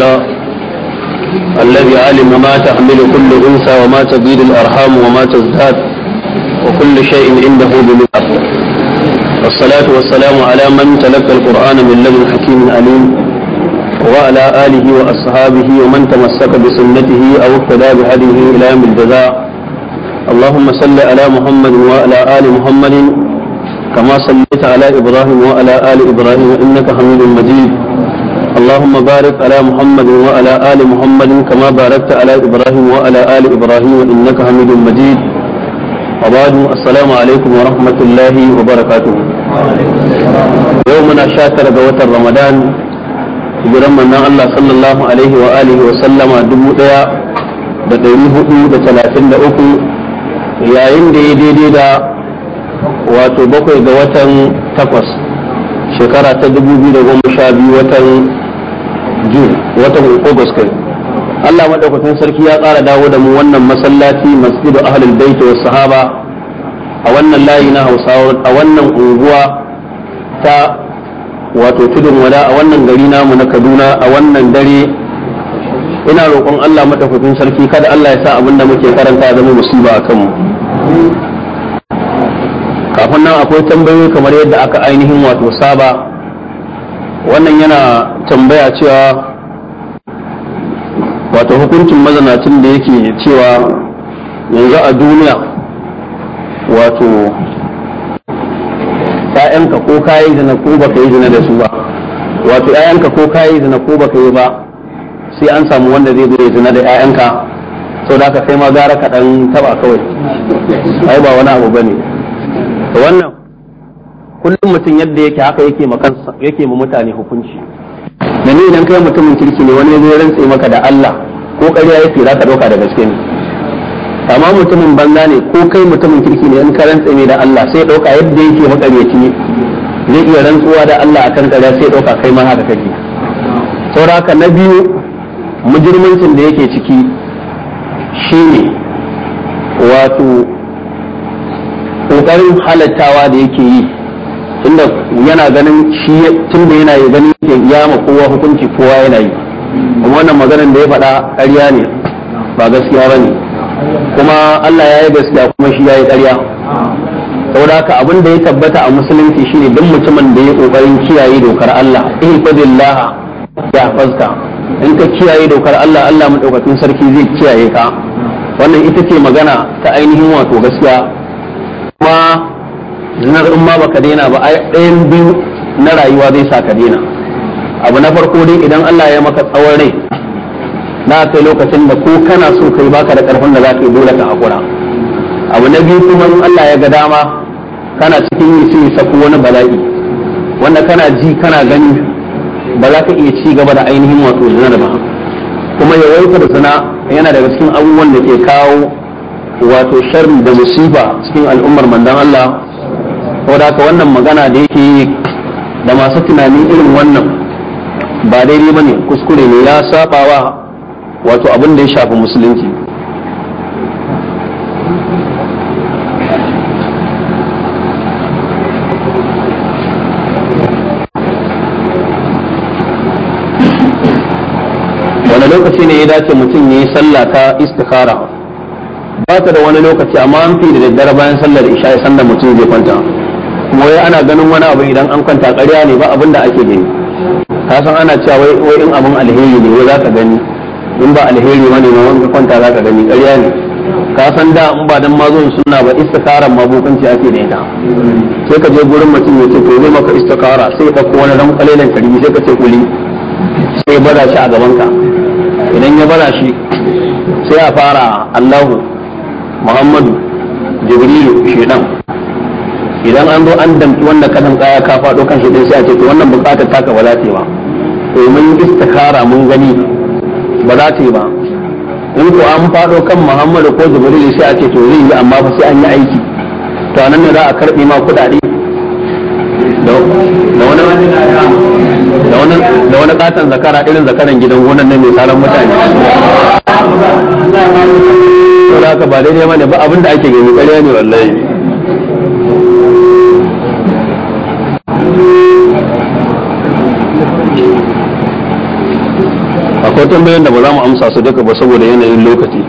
خبيرا الذي علم ما تحمل كل أنثى وما تزيد الأرحام وما تزداد وكل شيء عنده بمقدار والصلاة والسلام على من تلقى القرآن من لدن حكيم عليم وعلى آله وأصحابه ومن تمسك بسنته أو اهتدى بهديه إلى يوم الجزاء اللهم صل على محمد وعلى آل محمد كما صليت على إبراهيم وعلى آل إبراهيم إنك حميد مجيد اللهم بارك على محمد وعلى آل محمد كما باركت على إبراهيم وعلى آل إبراهيم إنك حميد مجيد وبعد السلام عليكم ورحمة الله وبركاته يومنا شاكر قوة رمضان hijiran manzon Allah sallallahu alaihi wa alihi wa sallama dubu daya da ɗari hudu da talatin da uku yayin da ya daidai da wato bakwai ga watan takwas shekara ta dubu biyu da goma watan june watan august gaske. Allah madaukakin sarki ya ƙara dawo da mu wannan masallaci masjidu ahlul bait was sahaba a wannan layi na Hausawa a wannan unguwa ta wato tudun wada a wannan gari namu na Kaduna a wannan dare ina roƙon Allah madaukakin sarki kada Allah ya sa abin da muke karanta zama musiba a kanmu kafin nan akwai tambayoyi kamar yadda aka ainihin wato saba wannan yana tambaya cewa wato hukuncin mazanacin da yake cewa yanzu a duniya wato ‘ya'yanka ko kayi zina ko baka yi zina da su ba wato ‘ya'yanka ko kayi zina ko baka yi ba sai an samu wanda zai zai zina da ‘ya'yanka sau da aka kai ma gara kaɗan taba kawai ai ba wani abu ba ne kullum mutum yadda yake haka yake ma kansa yake ma mutane hukunci da ne idan kai mutumin kirki ne wani zai rantse maka da Allah ko ƙarya yake za ka ɗauka da gaske ne amma mutumin banza ne ko kai mutumin kirki ne in ka rantse ne da Allah sai ɗauka yadda yake makaryaci ne zai iya rantsuwa da Allah akan ƙarya sai ɗauka kai ma haka kake sauraka na biyu mujirmancin da yake ciki shine wato ƙoƙarin halattawa da yake yi tunda yana ganin shi tunda yana yi ganin yake ya ma kowa hukunci kowa yana yi kuma wannan maganar da ya faɗa ƙarya ne ba gaskiya ba ne kuma Allah ya yi gaskiya kuma shi ya yi ƙarya saboda haka abin da ya tabbata a musulunci shine duk mutumin da ya kokarin kiyaye dokar Allah fadillah ya fazka in ka kiyaye dokar Allah Allah madaukakin sarki zai kiyaye ka wannan ita ce magana ta ainihin wato gaskiya kuma na in ma baka daina ba ɗayan biyu na rayuwa zai sa ka daina abu na farko dai idan Allah ya maka tsawon rai na kai lokacin da ko kana so kai baka da karfin da zaka yi dole ka hakura abu na biyu kuma in Allah ya ga dama kana cikin yi sai sako wani bala'i wanda kana ji kana gani ba za ka iya ci gaba da ainihin wato zinar ba kuma yawaitar zina yana daga cikin abubuwan da ke kawo wato sharri da musiba cikin al'ummar mandan Allah saboda haka wannan magana da yake da masu tunanin irin wannan ba daidai ba ne kuskure ne ya sabawa wato abin da ya shafi musulunci wani lokaci ne ya dace mutum ya yi sallah ta istikhara ba ta da wani lokaci amma an fi da daddare bayan sallar isha ya sanda mutum zai kwanta wai ana ganin wani abu idan an kwanta ƙarya ne ba abin da ake gani ka san ana cewa wai wai in abin alheri ne wai ka gani in ba alheri ba ne ma wanda kwanta ka gani ƙarya ne ka san da in ba dan mazon sunna ba ma bukunci ake da ita sai ka je gurin mutum ya ce to zai maka istikara sai ya ɗauko wani ran kwalelan karbi sai ka ce kuli sai ya bada shi a gaban ka idan ya bada shi sai a fara Allahu Muhammadu Jibrilu Shedan idan an zo an damki wannan kadan kaya ka faɗo kan shi din sai a ce wannan bukatar taka ba za ta yi ba to mun istikara mun gani ba za ta yi ba in ko an faɗo kan muhammadu ko jibril sai a ce to zai yi amma fa sai an yi aiki to anan ne za a karɓi ma kuɗaɗe da wani da wani katan zakara irin zakaran gidan gonan nan mai tsaron mutane to da haka ba daidai ba ne ba abinda ake gani ƙarya ne wallahi akwai tambayoyin da ba za mu amsa su duka ba saboda yanayin lokaci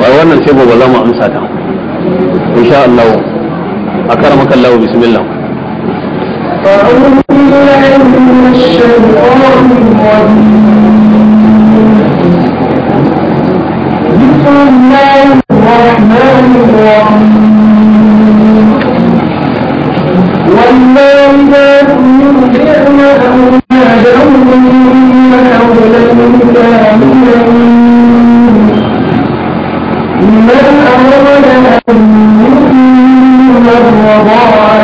ba wannan sai ba za mu amsa ta insha Allah a kara maka Allah bismillah بسم الله الرحمن الرحيم من أراد أن يؤمن الرضاعة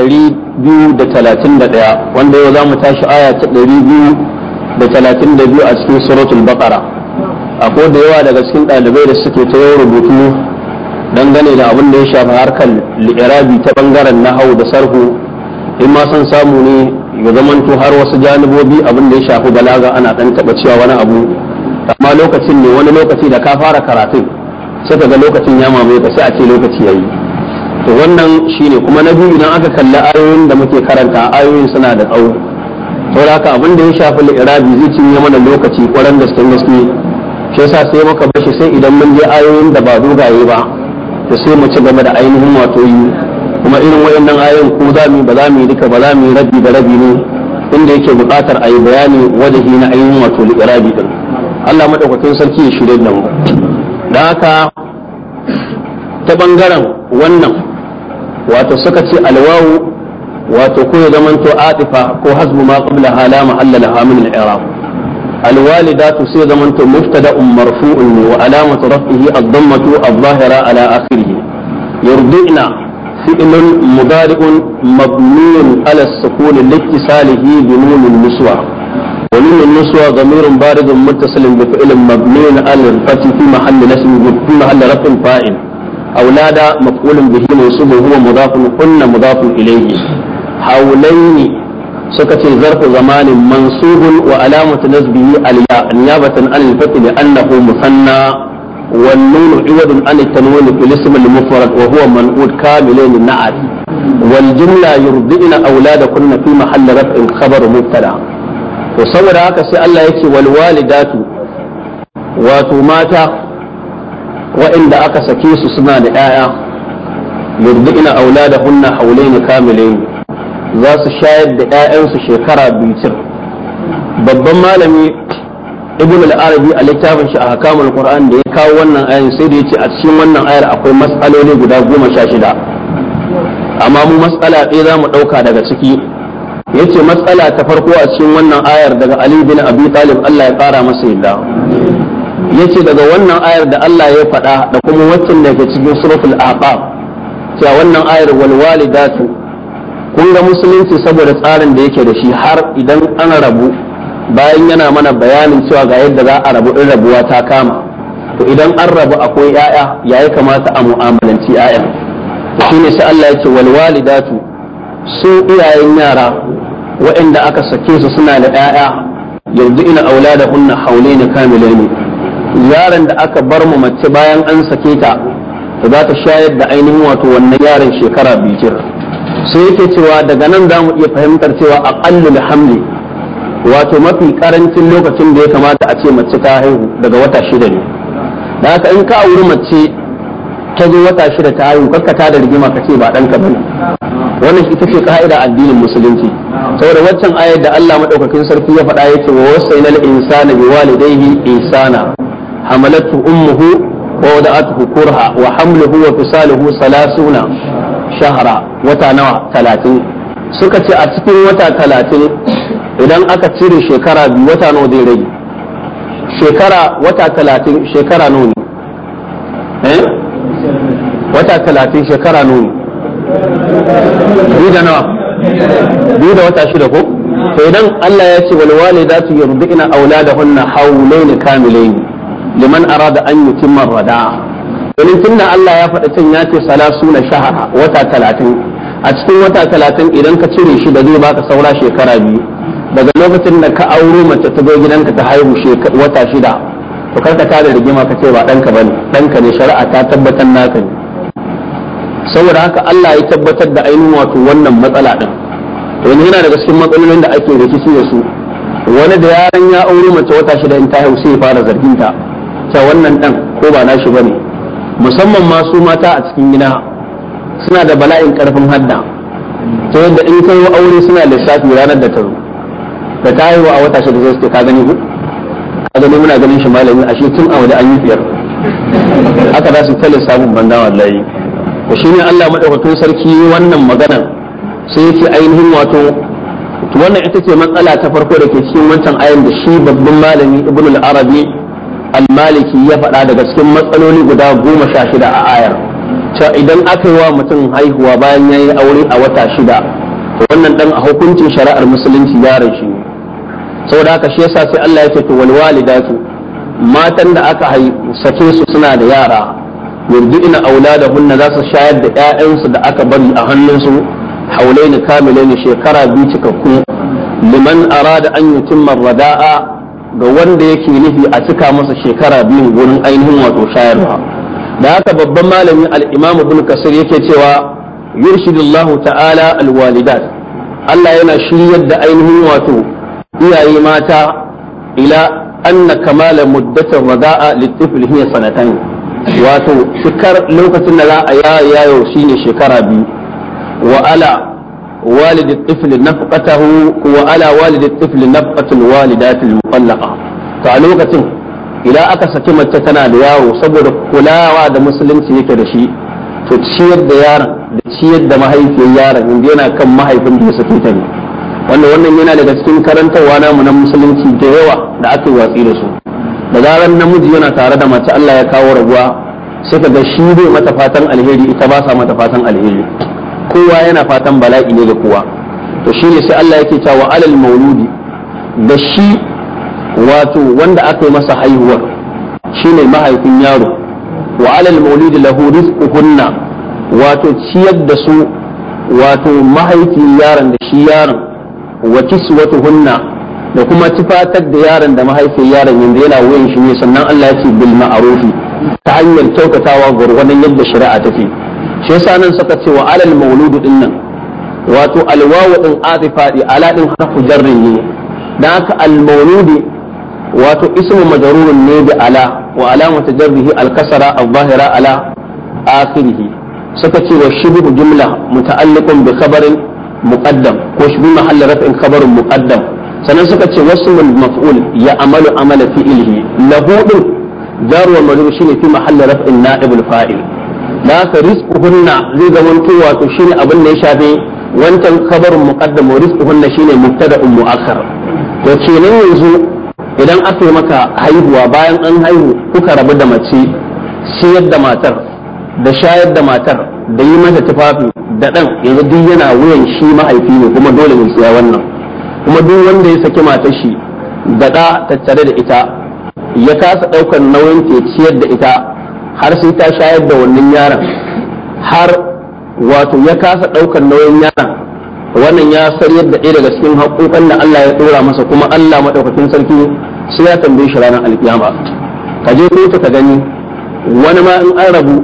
231 wanda yau za mu tashi aya ta 232 a cikin suratul baqara akwai da yawa daga cikin ɗalibai da suke ta yau rubutu dangane da abin da ya shafi harkar li'irabi ta bangaren nahau da sarhu in ma son samu ne ya zamanto har wasu janibobi abin da ya shafi balaga ana ɗan taɓa cewa wani abu amma lokacin ne wani lokaci da ka fara karatun sai ga lokacin ya mamaye ka sai a ce lokaci ya yi to wannan shine kuma na biyu idan aka kalli ayoyin da muke karanta ayoyin suna da tsawo to da haka abin da ya shafi irabi zai cinye mana lokaci kwaran gaske gaske shi yasa sai muka bashi sai idan mun je ayoyin da ba dogaye ba to sai mu ci gaba da ainihin wato yi kuma irin wayannan ayoyin ko za mu ba za mu yi duka ba za mu yi rabi da rabi ne inda yake buƙatar a yi bayani wajahi na ainihin wato irabi din Allah madaukakin sarki ya shirye da mu da haka ta bangaren wannan wato suka ce alwawu wato ko ya zaman to atifa ko hasbu ma qabla hala mahalla laha min al-i'rab alwalidatu sai zaman to mubtada'un marfu'un wa alamatu raf'ihi ad-dammatu adh-dhahira ala akhirih yurdina fi'lun mudari'un mabniun ala as-sukun liittisalihi bi nun al-niswa ومن النسوة ضمير بارد متصل بفعل مبني على الفتح في محل نسب في محل رفع فاعل أولاد مفعول به منصوب هو مضاف كن مضاف إليه حولين سكت ظرف زمان منصوب وعلامة نسبه الياء نيابة عن الفتح لأنه مثنى والنون عوض عن التنوين في الاسم المفرد وهو منقول كاملين النعت والجملة يرضئن أولادكن في محل رفع خبر مبتدأ وصور هكا سي الله يكي والوالدات wato mata waɗanda aka sake su suna da 'ya'ya yurdina ne haulaini kamilaini za su shayar da 'ya'yansu shekara biyu babban malami ibn al-arabi a littafin shi a hakamul qur'an da ya kawo wannan ayin sai da yace a cikin wannan ayar akwai matsaloli guda goma sha shida amma mu matsala ɗaya za mu ɗauka daga ciki yace matsala ta farko a cikin wannan ayar daga ali bin abi talib Allah ya ƙara masa yadda yace daga wannan ayar da Allah ya faɗa da kuma waccan da ke cikin suratul ahqaf cewa wannan ayar wal walidatu kun ga musulunci saboda tsarin da yake da shi har idan an rabu bayan yana mana bayanin cewa ga yadda za a rabu in rabuwa ta kama to idan an rabu akwai yaya ya kamata a mu'amalanci yayan to shine sai Allah yace ce wal walidatu su iyayen yara waɗanda aka sake su suna da yaya yanzu ina da hunna haulaini kamilaini yaron da aka bar mu mace bayan an sake ta to za ta shayar da ainihin wato wannan yaron shekara biyu sai yake cewa daga nan za mu iya fahimtar cewa a ƙallin hamli wato mafi karancin lokacin da ya kamata a ce mace ta haihu daga wata shida ne da haka in ka auri mace ta zo wata shida ta haihu ta da rigima ka ce ba dan ba ne wannan ita ce ka'ida addinin musulunci saboda waccan ayar da Allah maɗaukakin sarki ya faɗa yake wa wasainal insana walidaihi insana حملته أمه ووضعته كرها وحمله وفصاله ثلاثون شهرا وتنوع ثلاثين a cikin wata talatin idan aka cire shekara biyu wata nawa zai rage shekara wata talatin shekara nawa eh wata talatin shekara nawa ne biyu da nawa biyu da wata shida ko to idan Allah ya ce wal walidatu yurdina auladahunna hawlayn kamilayn liman arada an yutimma rada'a domin tunda Allah ya faɗa can ya ce salasu na shahara wata talatin a cikin wata talatin idan ka cire shi da zai baka saura shekara biyu daga lokacin da ka auro mace ta zo gidanka ta haihu wata shida to karka ta da rigima ka ce ba ɗanka ne, ɗanka ne shari'a ta tabbatar naka ne saboda haka Allah ya tabbatar da ainihin wato wannan matsala ɗin to yanzu yana daga cikin matsalolin da ake rikici da su wani da yaran ya aure mace wata shida in ta haihu sai ya fara zargin ta ta wannan dan ko ba na shi ba ne. musamman ma su mata a cikin gida suna da bala'in karfin hadda ta yadda in kai aure suna lissafi ranar da ta zo da ta haihuwa a wata shi da zai suke ka gani ka gani muna ganin shi malami ashe tun a waje an yi biyar aka za su ta lissafin banda wallahi to ne Allah madaukakin sarki wannan magana sai yake ainihin wato wannan ita ce matsala ta farko da ke cikin wancan ayan da shi babban malami Ibn al-Arabi al-maliki ya faɗa daga cikin matsaloli guda goma sha shida a ayar cewa idan aka yi wa mutum haihuwa bayan ya yi aure a wata shida to wannan dan a hukuncin shari'ar musulunci yaron shi saboda haka shi yasa sai Allah ya ce to wal walidatu matan da aka sake su suna da yara yurdina auladahunna za su shayar da ƴaƴansu da aka bari a hannun su haulaini kamilaini shekara biyu cikakku liman arada an yutimma rada'a ga wanda yake nufi a cika masa shekara biyu wurin ainihin wato shayarwa da haka babban malamin al-imam ibn kasir yake cewa yurshidullahu ta'ala alwalidat Allah yana shiryar da ainihin wato iyaye mata ila anna kamala muddatin rada'a litifil hiya sanatan wato shikar lokacin da za a yayo shine shekara biyu wa ala والد الطفل نفقته وعلى والد الطفل نفقة الوالدات المطلقة فعلوكة إلى أكسة كما تتنا لياو صبر كلاوة دا مسلم سيكا دشي تشير ديارا تشير دا مهي في يارا من دينا كم مهي في مدرسة wanda wannan yana daga cikin karantarwa wa na musulunci da yawa da aka watsi da su da zarar namiji yana tare da mace Allah ya kawo rabuwa sai ga shi bai mata fatan alheri ita ba sa mata fatan alheri kowa yana fatan bala'i ne ga kowa to shi ne sai Allah yake cewa alal mauludi da shi wato wanda aka yi masa haihuwar ne mahaifin yaro wa alal mauludi lahu rizquhunna wato ciyar da su wato mahaifin yaron da shi yaron wa kiswatuhunna da kuma tufatar da yaron da mahaifin yaron yanzu yana wayan shi ne sannan Allah ya bil ma'rufi ta hanyar kyautatawa gwargwadon yadda shari'a take shi yasa nan suka ce wa alal mauludu din nan wato alwawu din atifa di ala din harfu jarri ne dan haka al mauludi wato ismu majrurun ne bi ala wa alamatu jarrihi al kasara al zahira ala akhirih suka ce wa shibhu jumla muta'alliqun bi khabarin muqaddam ko shibhu mahall raf'in khabarun muqaddam sannan suka ce mun maf'ul ya amalu amala fi'lihi lahu din jar wa majrur shine fi mahall raf'in na'ibul fa'il da risku-hunna zai to wato shine abin da ya shafe wancan kabarin muqaddam wa ne shine mubtada'un mu'akhar to kenan yanzu idan aka yi maka haihuwa bayan an haihu kuka rabu da mace siyar da matar da shayar da matar da yi mata tufafi da ɗan yanzu duk yana wuyan shi mahaifi ne kuma dole ne saya wannan kuma duk wanda ya saki matar shi da da tattare da ita ya kasa ɗaukar nauyin ke ciyar da ita har sai ta shayar da wannan yaran, har wato ya kasa ɗaukar nauyin yaron wannan ya sar yadda ɗaya daga cikin haƙoƙan da Allah ya ɗora masa kuma Allah maɗaukakin sarki sai ya tambaye shi ranar alkiyama ka je kotu ka gani wani ma in an rabu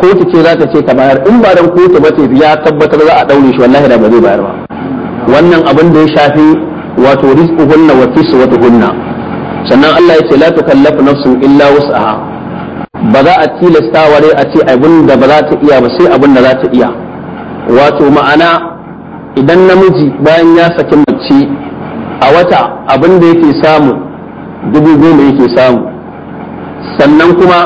kotu ce za ta ce ka bayar in ba dan kotu ba ce ya tabbatar za a ɗaure shi wallahi da ba zai bayar ba wannan abin da ya shafi wato rizquhunna wa kiswatuhunna sannan Allah ya ce la tukallafu nafsun illa wus'aha ba za a tilasta ware a ce abin da ba za ta iya ba sai abin da za ta iya wato ma'ana idan namiji bayan ya saki mace a wata abin da yake samu dubu goma yake samu sannan kuma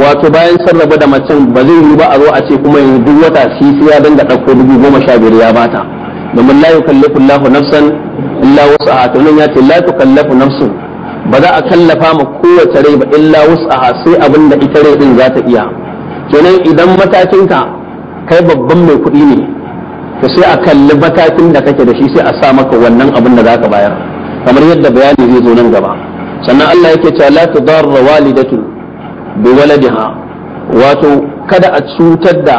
wato bayan sarrafa da macen ba zai yi ba a zo a ce kuma yanzu duk wata shi sai ya danga ɗauko dubu goma sha biyar ya bata domin la yukallifu Allahu nafsan illa wasu a ya ce la tukallafu nafsan. ba za a kallafa ma kowace rai ba illa wus'aha sai abin da ita rai din za ta iya kenan idan matakinka kai babban mai kuɗi ne to sai a kalli matakin da kake da shi sai a sa maka wannan abin da ka bayar kamar yadda bayani zai zo nan gaba sannan Allah yake cewa la tudarra walidatu bi waladiha wato kada a cutar da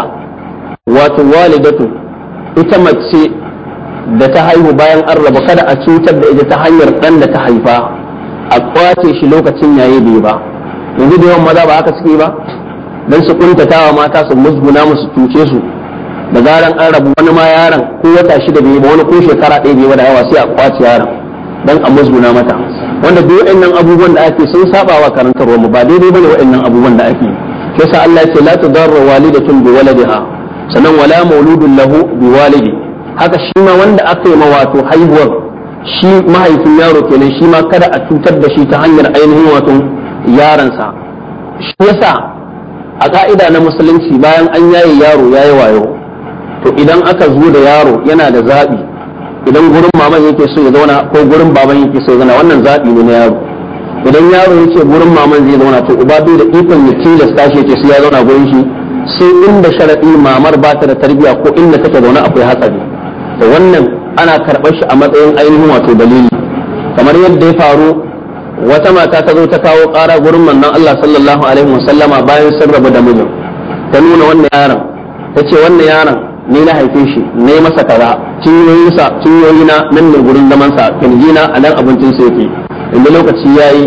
wato walidatu ita mace da ta haihu bayan an raba kada a cutar da ita ta hanyar dan da ta haifa a kwace shi lokacin yayi bai ba yanzu da yawan maza ba haka suke ba dan su kuntatawa mata su musguna musu tuce su da zaran an rabu wani ma yaron ko wata shida bai ba wani ko shekara ɗaya bai ba da yawa sai a kwace yaron dan a musguna mata wanda duk waɗannan abubuwan da ake sun saba wa karantarwa mu ba daidai bane waɗannan abubuwan da ake sai sa Allah ce la tudarra walidatun bi waladiha sannan wala mauludun lahu bi walidi haka shi ma wanda aka yi ma wato haihuwar shi mahaifin yaro kenan shi ma kada a cutar da shi ta hanyar ainihin wato yaransa shi yasa a ka'ida na musulunci bayan an yaye yaro ya yi wayo to idan aka zo da yaro yana da zaɓi idan gurin maman yake so ya zauna ko gurin baban yake so ya zauna wannan zaɓi ne na yaro idan yaro yake gurin maman zai zauna to uba bai da ikon ya tilasta shi yake so ya zauna gurin shi sai inda sharaɗi mamar ba ta da tarbiyya ko inda take zaune akwai hatsari da wannan ana karɓar shi a matsayin ainihin wato dalili kamar yadda ya faru wata mata ta zo ta kawo ƙara gurin mannan Allah sallallahu alaihi wasallama bayan sun rabu da mijin ta nuna wannan yaron ta ce wannan yaron ni na haife shi ne masa kaza cinyoyinsa cinyoyina nan ne gurin zamansa gina a nan abincin sa yake inda lokaci yayi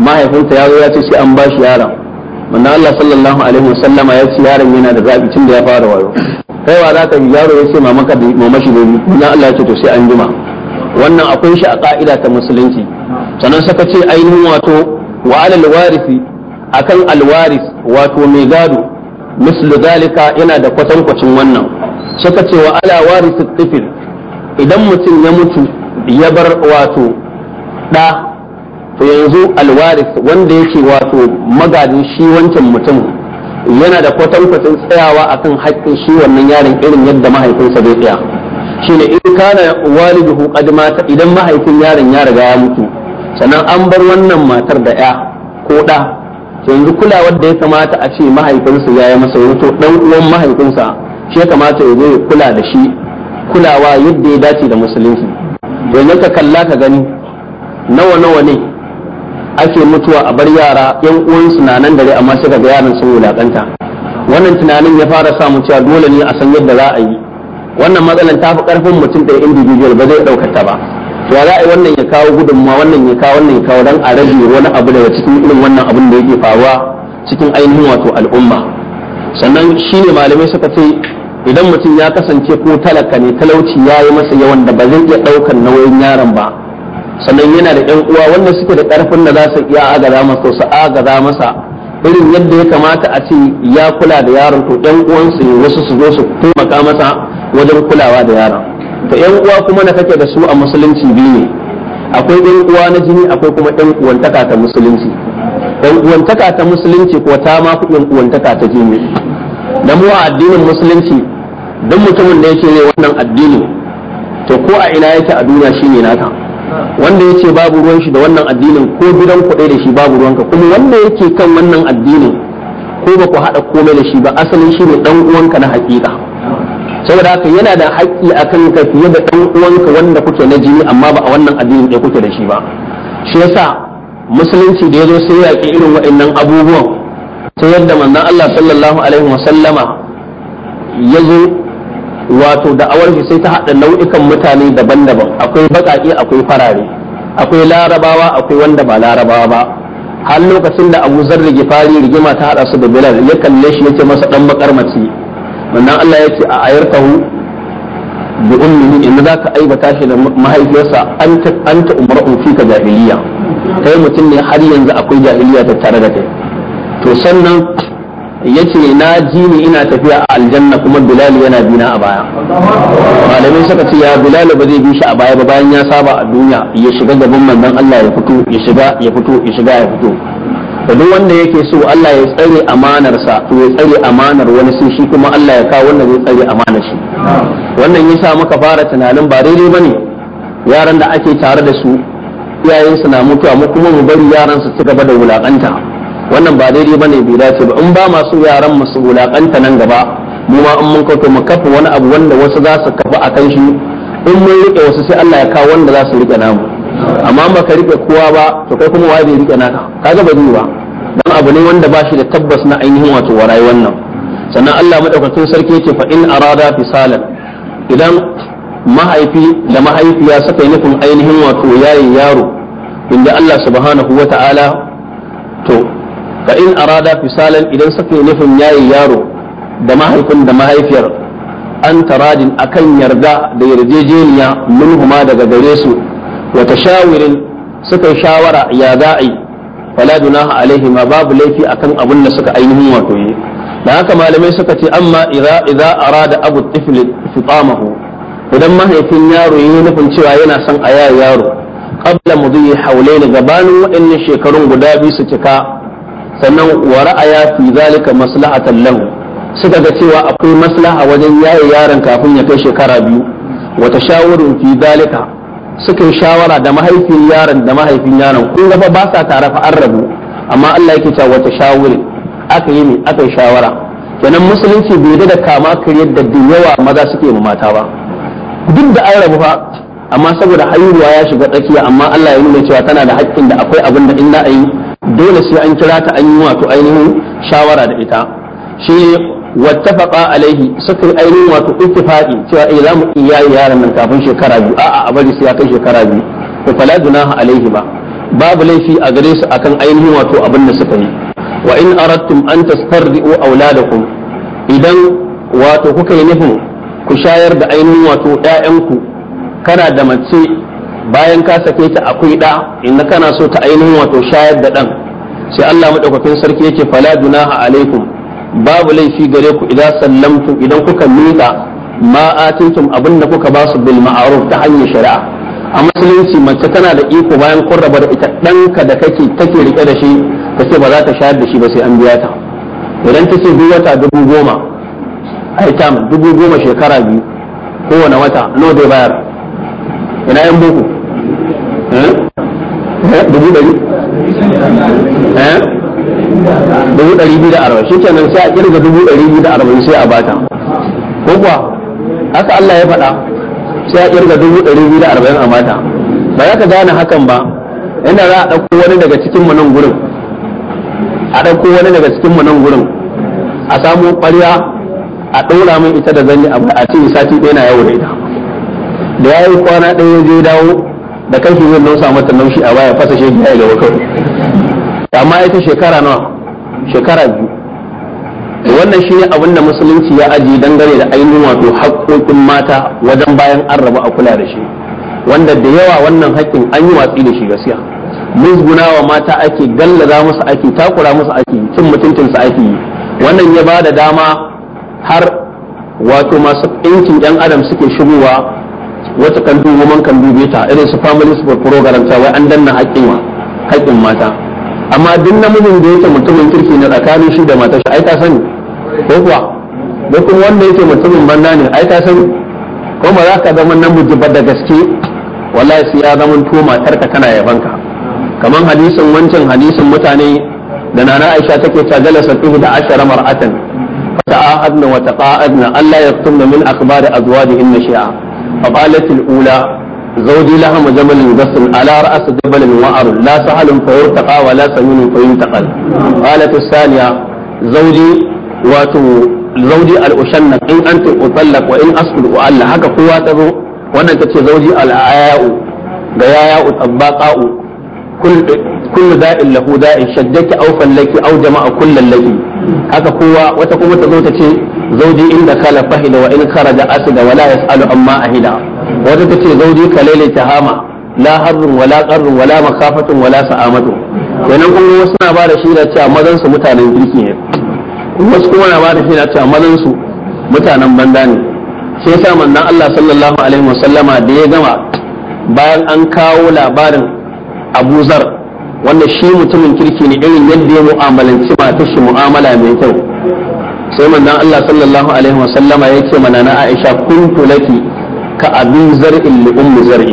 mahaifinta ya zo ya ce sai an ba shi yaron manzo Allah sallallahu alaihi wasallama ya ce yaron yana da zabi tun da ya fara wayo kai wa zaka yi yaro ya ce mamaka da mama shi gobe manzo Allah ya ce to sai an jima wannan akwai shi a ka'ida ta musulunci sannan saka ce ainihin wato wa alal warisi akan alwaris wato mai gado mislu zalika yana da kwatankwacin wannan suka ce wa ala warisi tifil idan mutum ya mutu ya bar wato ɗa to yanzu alwaris wanda yake wato magadin shi wancan mutum yana da kwatankwacin tsayawa akan haƙƙin shi wannan yaron irin yadda mahaifinsa bai tsaya shine in kana waliduhu qad ta idan mahaifin yaron ya riga ya mutu sannan an bar wannan matar da ya ko da yanzu kulawar da ya kamata a ce mahaifinsa ya yi masa wato dan uwan mahaifinsa shi ya kamata ya zo ya kula da shi kulawa yadda ya dace da musulunci yanzu ka kalla ka gani nawa nawa ne ake mutuwa a bar yara yan uwansu na nan dare amma suka ga yaran sun wulakanta wannan tunanin ya fara sa mu cewa dole ne a san yadda za a yi wannan matsalan ta fi karfin mutum da individual ba zai ɗaukata ba ya za a yi wannan ya kawo gudunmawa wannan ya kawo wannan ya kawo don a rage wani abu daga cikin irin wannan abin da yake faruwa cikin ainihin wato al'umma sannan shine malamai suka ce idan mutum ya kasance ko talaka ne talauci ya yi masa yawan da ba zai iya ɗaukar nauyin yaron ba sannan yana da ɗan uwa wanda suke da ƙarfin da za su iya agaza masa su agaza masa irin yadda ya kamata a ce ya kula da yaron to ɗan uwansu ne wasu su zo su taimaka masa wajen kulawa da yaron to ɗan uwa kuma na kake da su a musulunci biyu ne akwai ɗan uwa na jini akwai kuma ɗan uwantaka ta musulunci ɗan uwantaka ta musulunci ko ta ma ɗan uwantaka ta jini da mu a addinin musulunci duk mutumin da yake ne wannan addini to ko a ina yake a duniya shine naka wanda ya ce babu ruwan shi da wannan addinin ko gidan kuɗe da shi babu ruwanka kuma wanda yake kan wannan addinin ko ba ku haɗa komai da shi ba asalin shi ne ɗan uwanka na haƙiƙa saboda haka yana da haƙƙi a kan ka fiye da ɗan uwanka wanda kuke na jini amma ba a wannan addinin ɗaya kuke da shi ba shi yasa musulunci da ya zo sai yaƙi irin waɗannan abubuwan ta yadda manzon Allah sallallahu alaihi wasallama ya zo wato da'awar shi sai ta haɗa nau'ikan mutane daban-daban akwai baƙaƙe akwai farare akwai larabawa akwai wanda ba larabawa ba har lokacin da abu ya fari rigima ta haɗa su da bilal ya kalle shi yake masa ɗan makarmaci wannan allah ya ce a ayartahu bi ummihi in za ka aibata shi da mahaifiyarsa an ta umru fi ka jahiliya kai mutum ne har yanzu akwai jahiliya tare da kai to sannan Ya ce na ji ni ina tafiya a aljanna kuma bilal yana bina a baya Malamin suka ce ya bilal ba zai bi shi a baya ba bayan ya saba a duniya ya shiga gaban manzon Allah ya fito ya shiga ya fito ya shiga ya fito to duk wanda yake so Allah ya tsare amanarsa to ya tsare amanar wani sai shi kuma Allah ya kawo wanda zai tsare amanar shi wannan yasa muka fara tunanin ba daidai bane yaran da ake tare da su iyayensu na mutuwa mu kuma mu bari yaran su ci gaba da wulakanta wannan ba daidai ba ne bai dace ba in ba masu yaran masu wulaƙanta nan gaba mu ma in mun kafa mu kafa wani abu wanda wasu za su kafa a kan shi in mun riƙe wasu sai Allah ya kawo wanda za su riƙe namu amma ba ka riƙe kowa ba to kai kuma wa zai riƙe naka kaga ba ba dan abu ne wanda ba shi da tabbas na ainihin wato wa rayuwar nan sannan Allah madaukakin sarki yake fa in arada fisalan idan mahaifi da mahaifiya suka yi nufin ainihin wato yayin yaro inda Allah subhanahu wa ta'ala to fa in arada fisalan idan suka yi nufin yayi yaro da mahaifin da mahaifiyar an taradin akan yarda da yarjejeniya huma daga gare su wa tashawirin suka shawara ya za'i fala dunaha alaihi ma babu laifi akan abun da suka ainihin wato yi da haka malamai suka ce amma idza idza arada abu tifli fitamahu idan mahaifin yaro yayi nufin cewa yana son a yaro qabla mudhi hawlain gabanin waɗannan shekarun guda biyu su cika sannan wa ra'aya fi zalika maslahatan lahu suka ga cewa akwai maslaha wajen yaye yaron kafin ya kai shekara biyu wa tashawurun fi zalika suka yi shawara da mahaifin yaron da mahaifin yaron kun ga ba sa tare fa an rabu amma Allah yake cewa wa tashawurin aka yi ne aka yi shawara kenan musulunci bai da kama karyar da da yawa maza suke ma mata ba duk da an rabu fa amma saboda haihuwa ya shiga tsakiya amma Allah ya nuna cewa tana da haƙƙin da akwai abin da in za a yi dole sai an kira ta an yi wato ainihin shawara da ita shi wattafaqa alaihi suka yi ainihin wato ittifaqi cewa eh za mu iya yaran nan kafin shekara biyu a'a a bari sai ya kai shekara biyu to fala gunaha alaihi ba babu laifi a gare su akan ainihin wato abin da suka yi wa in aradtum an tastardi'u auladakum idan wato kuka yi nufin ku shayar da ainihin wato ƴaƴanku kana da mace bayan ka sake ta akwai ɗa inda kana so ta ainihin wato shayar da ɗan sai Allah maɗaukakin sarki yake fala dunaha alaikum babu laifi gare ku idan sallamtum idan kuka miƙa ma atintum abin da kuka ba su bil ma'ruf ta hanyar shari'a a musulunci mace tana da iko bayan kun raba da ita ɗanka da kake take rike da shi ta ce ba za ta shayar da shi ba sai an biya ta idan ta ce duk wata dubu goma ai ta dubu goma shekara biyu kowane wata nawa zai bayar ina yan boko dubu ɗari eh? dubu ɗari biyu da arba'in shikenan sai a kirga dubu ɗari biyu da arba'in sai a bata ko kuwa haka Allah ya faɗa sai a kirga dubu ɗari biyu da arba'in a bata ba za ka gane hakan ba ina za a ɗauko wani daga cikin mu nan gurin a ɗauko wani daga cikin mu nan gurin a samu ƙwarya a ɗora min ita da zanyi a ce sati ɗaya na yawo da ita da ya yi kwana ɗaya ya je dawo da kanki zai nausa mata naushi a baya fasa biya ya gaba kawai amma ita shekara nawa shekara biyu wannan shine abin da musulunci ya aji dangane da ainihin wato haƙoƙin mata wajen bayan an rabu a kula da shi wanda da yawa wannan haƙƙin an yi watsi da shi gaskiya musguna wa mata ake gallaza musu ake takura musu ake cin mutuncin su ake yi wannan ya ba da dama har wato masu ɗinkin 'yan adam suke shigowa wata kan dubu kan dube ta irin su family support program ta wai an danna haƙƙin wa haƙƙin mata amma duk namijin da yake mutumin kirki na tsakanin shi da matar shi ai ta sani ko kuwa da kuma wanda yake mutumin banna ne ai ta sani ko ba za ka zama namiji ba da gaske wallahi sai ya zama to matar ka kana yabanka Kamar hadisin wancan hadisin mutane da nana Aisha take ta jalasa fihi da ashara mar'atan fata'ahadna wa taqa'adna alla yaktumna min akhbari azwajihinna shi'a فقالت الأولى زوجي لها جبل بس على رأس جبل وعر لا سهل فيرتقى ولا سمين فينتقل قالت الثانية زوجي واتو زوجي الأشنة إن أنت أطلق وإن أسكت أعلى هكا قوة وانا تتي زوجي الأعياء غيايا أطباقاء kullu da'in lahu da'in shaddaki aw fallaki aw jama'a kullal laki haka kowa wata kuma ta zo ta ce zauji inda kala fahida wa in kharaja asida wala yasalu amma ahida wata ta ce zauji kalele tahama la harrun wala qarrun wala makafatun wala sa'amatu kenan kuma wasu na ba da shi da cewa mazan su mutanen girki ne wasu kuma na ba da shi da cewa mazan su mutanen banda ne sai sa manzon Allah sallallahu alaihi wasallama da ya gama bayan an kawo labarin abu zar wanda shi mutumin kirki ne irin yadda ya mu'amalanci ta shi mu'amala mai kyau sai manzon Allah sallallahu alaihi wasallama yake mana na Aisha kuntu laki ka abin zar'in li ummu zar'i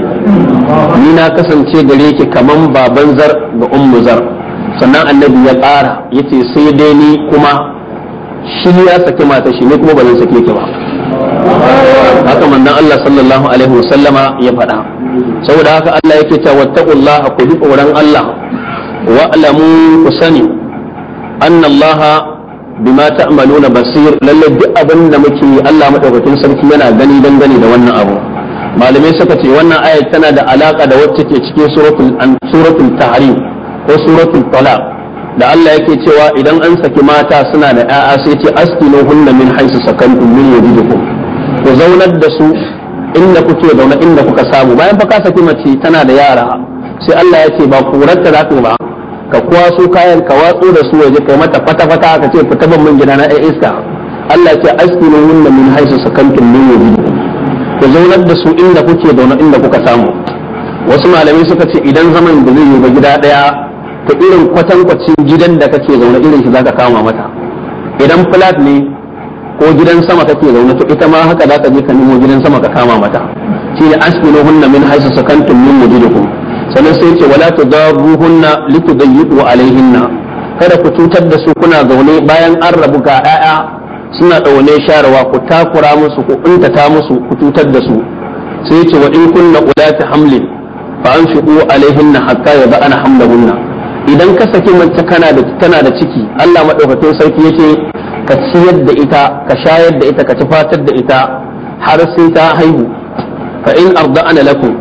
ni na kasance gare ki kaman baban zar ga ummu zar sannan annabi ya ƙara yace sai dai ni kuma shi ya saki mata shi ne kuma ba zan sake ki ba haka manzon Allah sallallahu alaihi wasallama ya faɗa saboda haka Allah yake cewa wattaqullaha ku bi tsoron Allah wa alamu ku sani annallaha bima ta'maluna basir lalle duk abin da muke Allah madaukakin sarki yana gani dangane da wannan abu malamai suka ce wannan ayat tana da alaka da wacce ke cikin suratul an suratul tahrim ko suratul talaq da Allah yake cewa idan an saki mata suna da 'ya'ya sai ce askinuhunna min haisu sakantum min yajidukum ku zaunar da su inda kuke zaune inda kuka samu bayan baka saki mace tana da yara sai Allah ya ce ba kurarta za ku ba ka kwaso kayan ka watsu da su waje kai mata fata fata ka ce fita ban min gidana ai iska Allah ya ce askinu wunna min haisu sakantum min biyu. ku zaunar da su inda kuke zaune inda kuka samu wasu malamai suka ce idan zaman da zai yi ba gida daya ta irin kwatankwacin gidan da kake zaune irin shi zaka kama mata idan flat ne ko gidan sama kake zaune to ita ma haka za ka je ka nemo gidan sama ka kama mata shi ne na hunna min haisu sakantum min wujudukum sannan sai ce wala tudaruhunna litudayyiqu alaihinna kada ku cutar da su kuna zaune bayan an rabu ga 'ya'ya suna ɗaune sharawa ku takura musu ku intata musu ku cutar da su sai ce wa in kunna ulati hamlin fa anfiqu alaihinna hatta yada'ana hamlahunna idan ka saki mace kana da tana da ciki Allah madaukakin sarki yake ka ciyar da ita ka shayar da ita ka ci fatar da ita har sai ta haihu fa in arda'ana lakum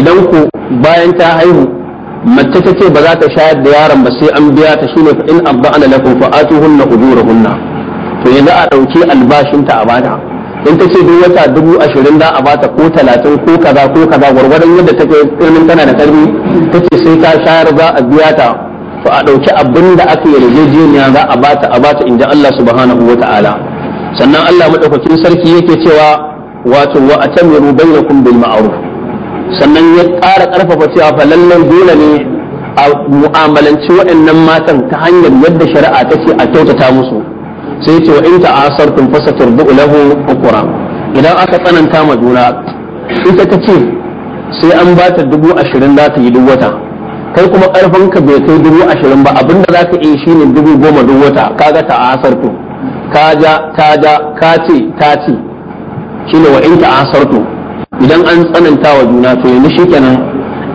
idan ku bayan ta haihu mace ta ce ba za ta shayar da yaron ba sai an biya ta shine fa in arda'ana lakum fa atuhunna ujurahunna to yanzu a dauki albashin ta a bata in ta ce duk wata dubu ashirin za a bata ko talatin ko kaza ko kaza gwargwadon yadda take ilmin tana da karfi ta ce sai ta shayar za a biya ta to a ɗauki abin da aka yi yarjejeniya za a bata a bata inda Allah subhanahu wa ta'ala sannan Allah maɗaukakin sarki yake cewa wato wa atamiru bainakum bil ma'ruf sannan ya ƙara ƙarfafa cewa fa lallan dole ne a mu'amalanci waɗannan matan ta hanyar yadda shari'a ta ce a kyautata musu sai ce wa in ta'asartum fasaturdu lahu ukura idan aka tsananta ma juna ita ta ce sai an ba ta dubu ashirin za ta yi duk wata kai kuma karfin ka bai kai dubu ashirin ba abinda za ka iya shine dubu goma duk wata ga ta to ka ja ta ja ka ce ta ce shine wa in ta to idan an tsananta wa juna to yanzu shikenan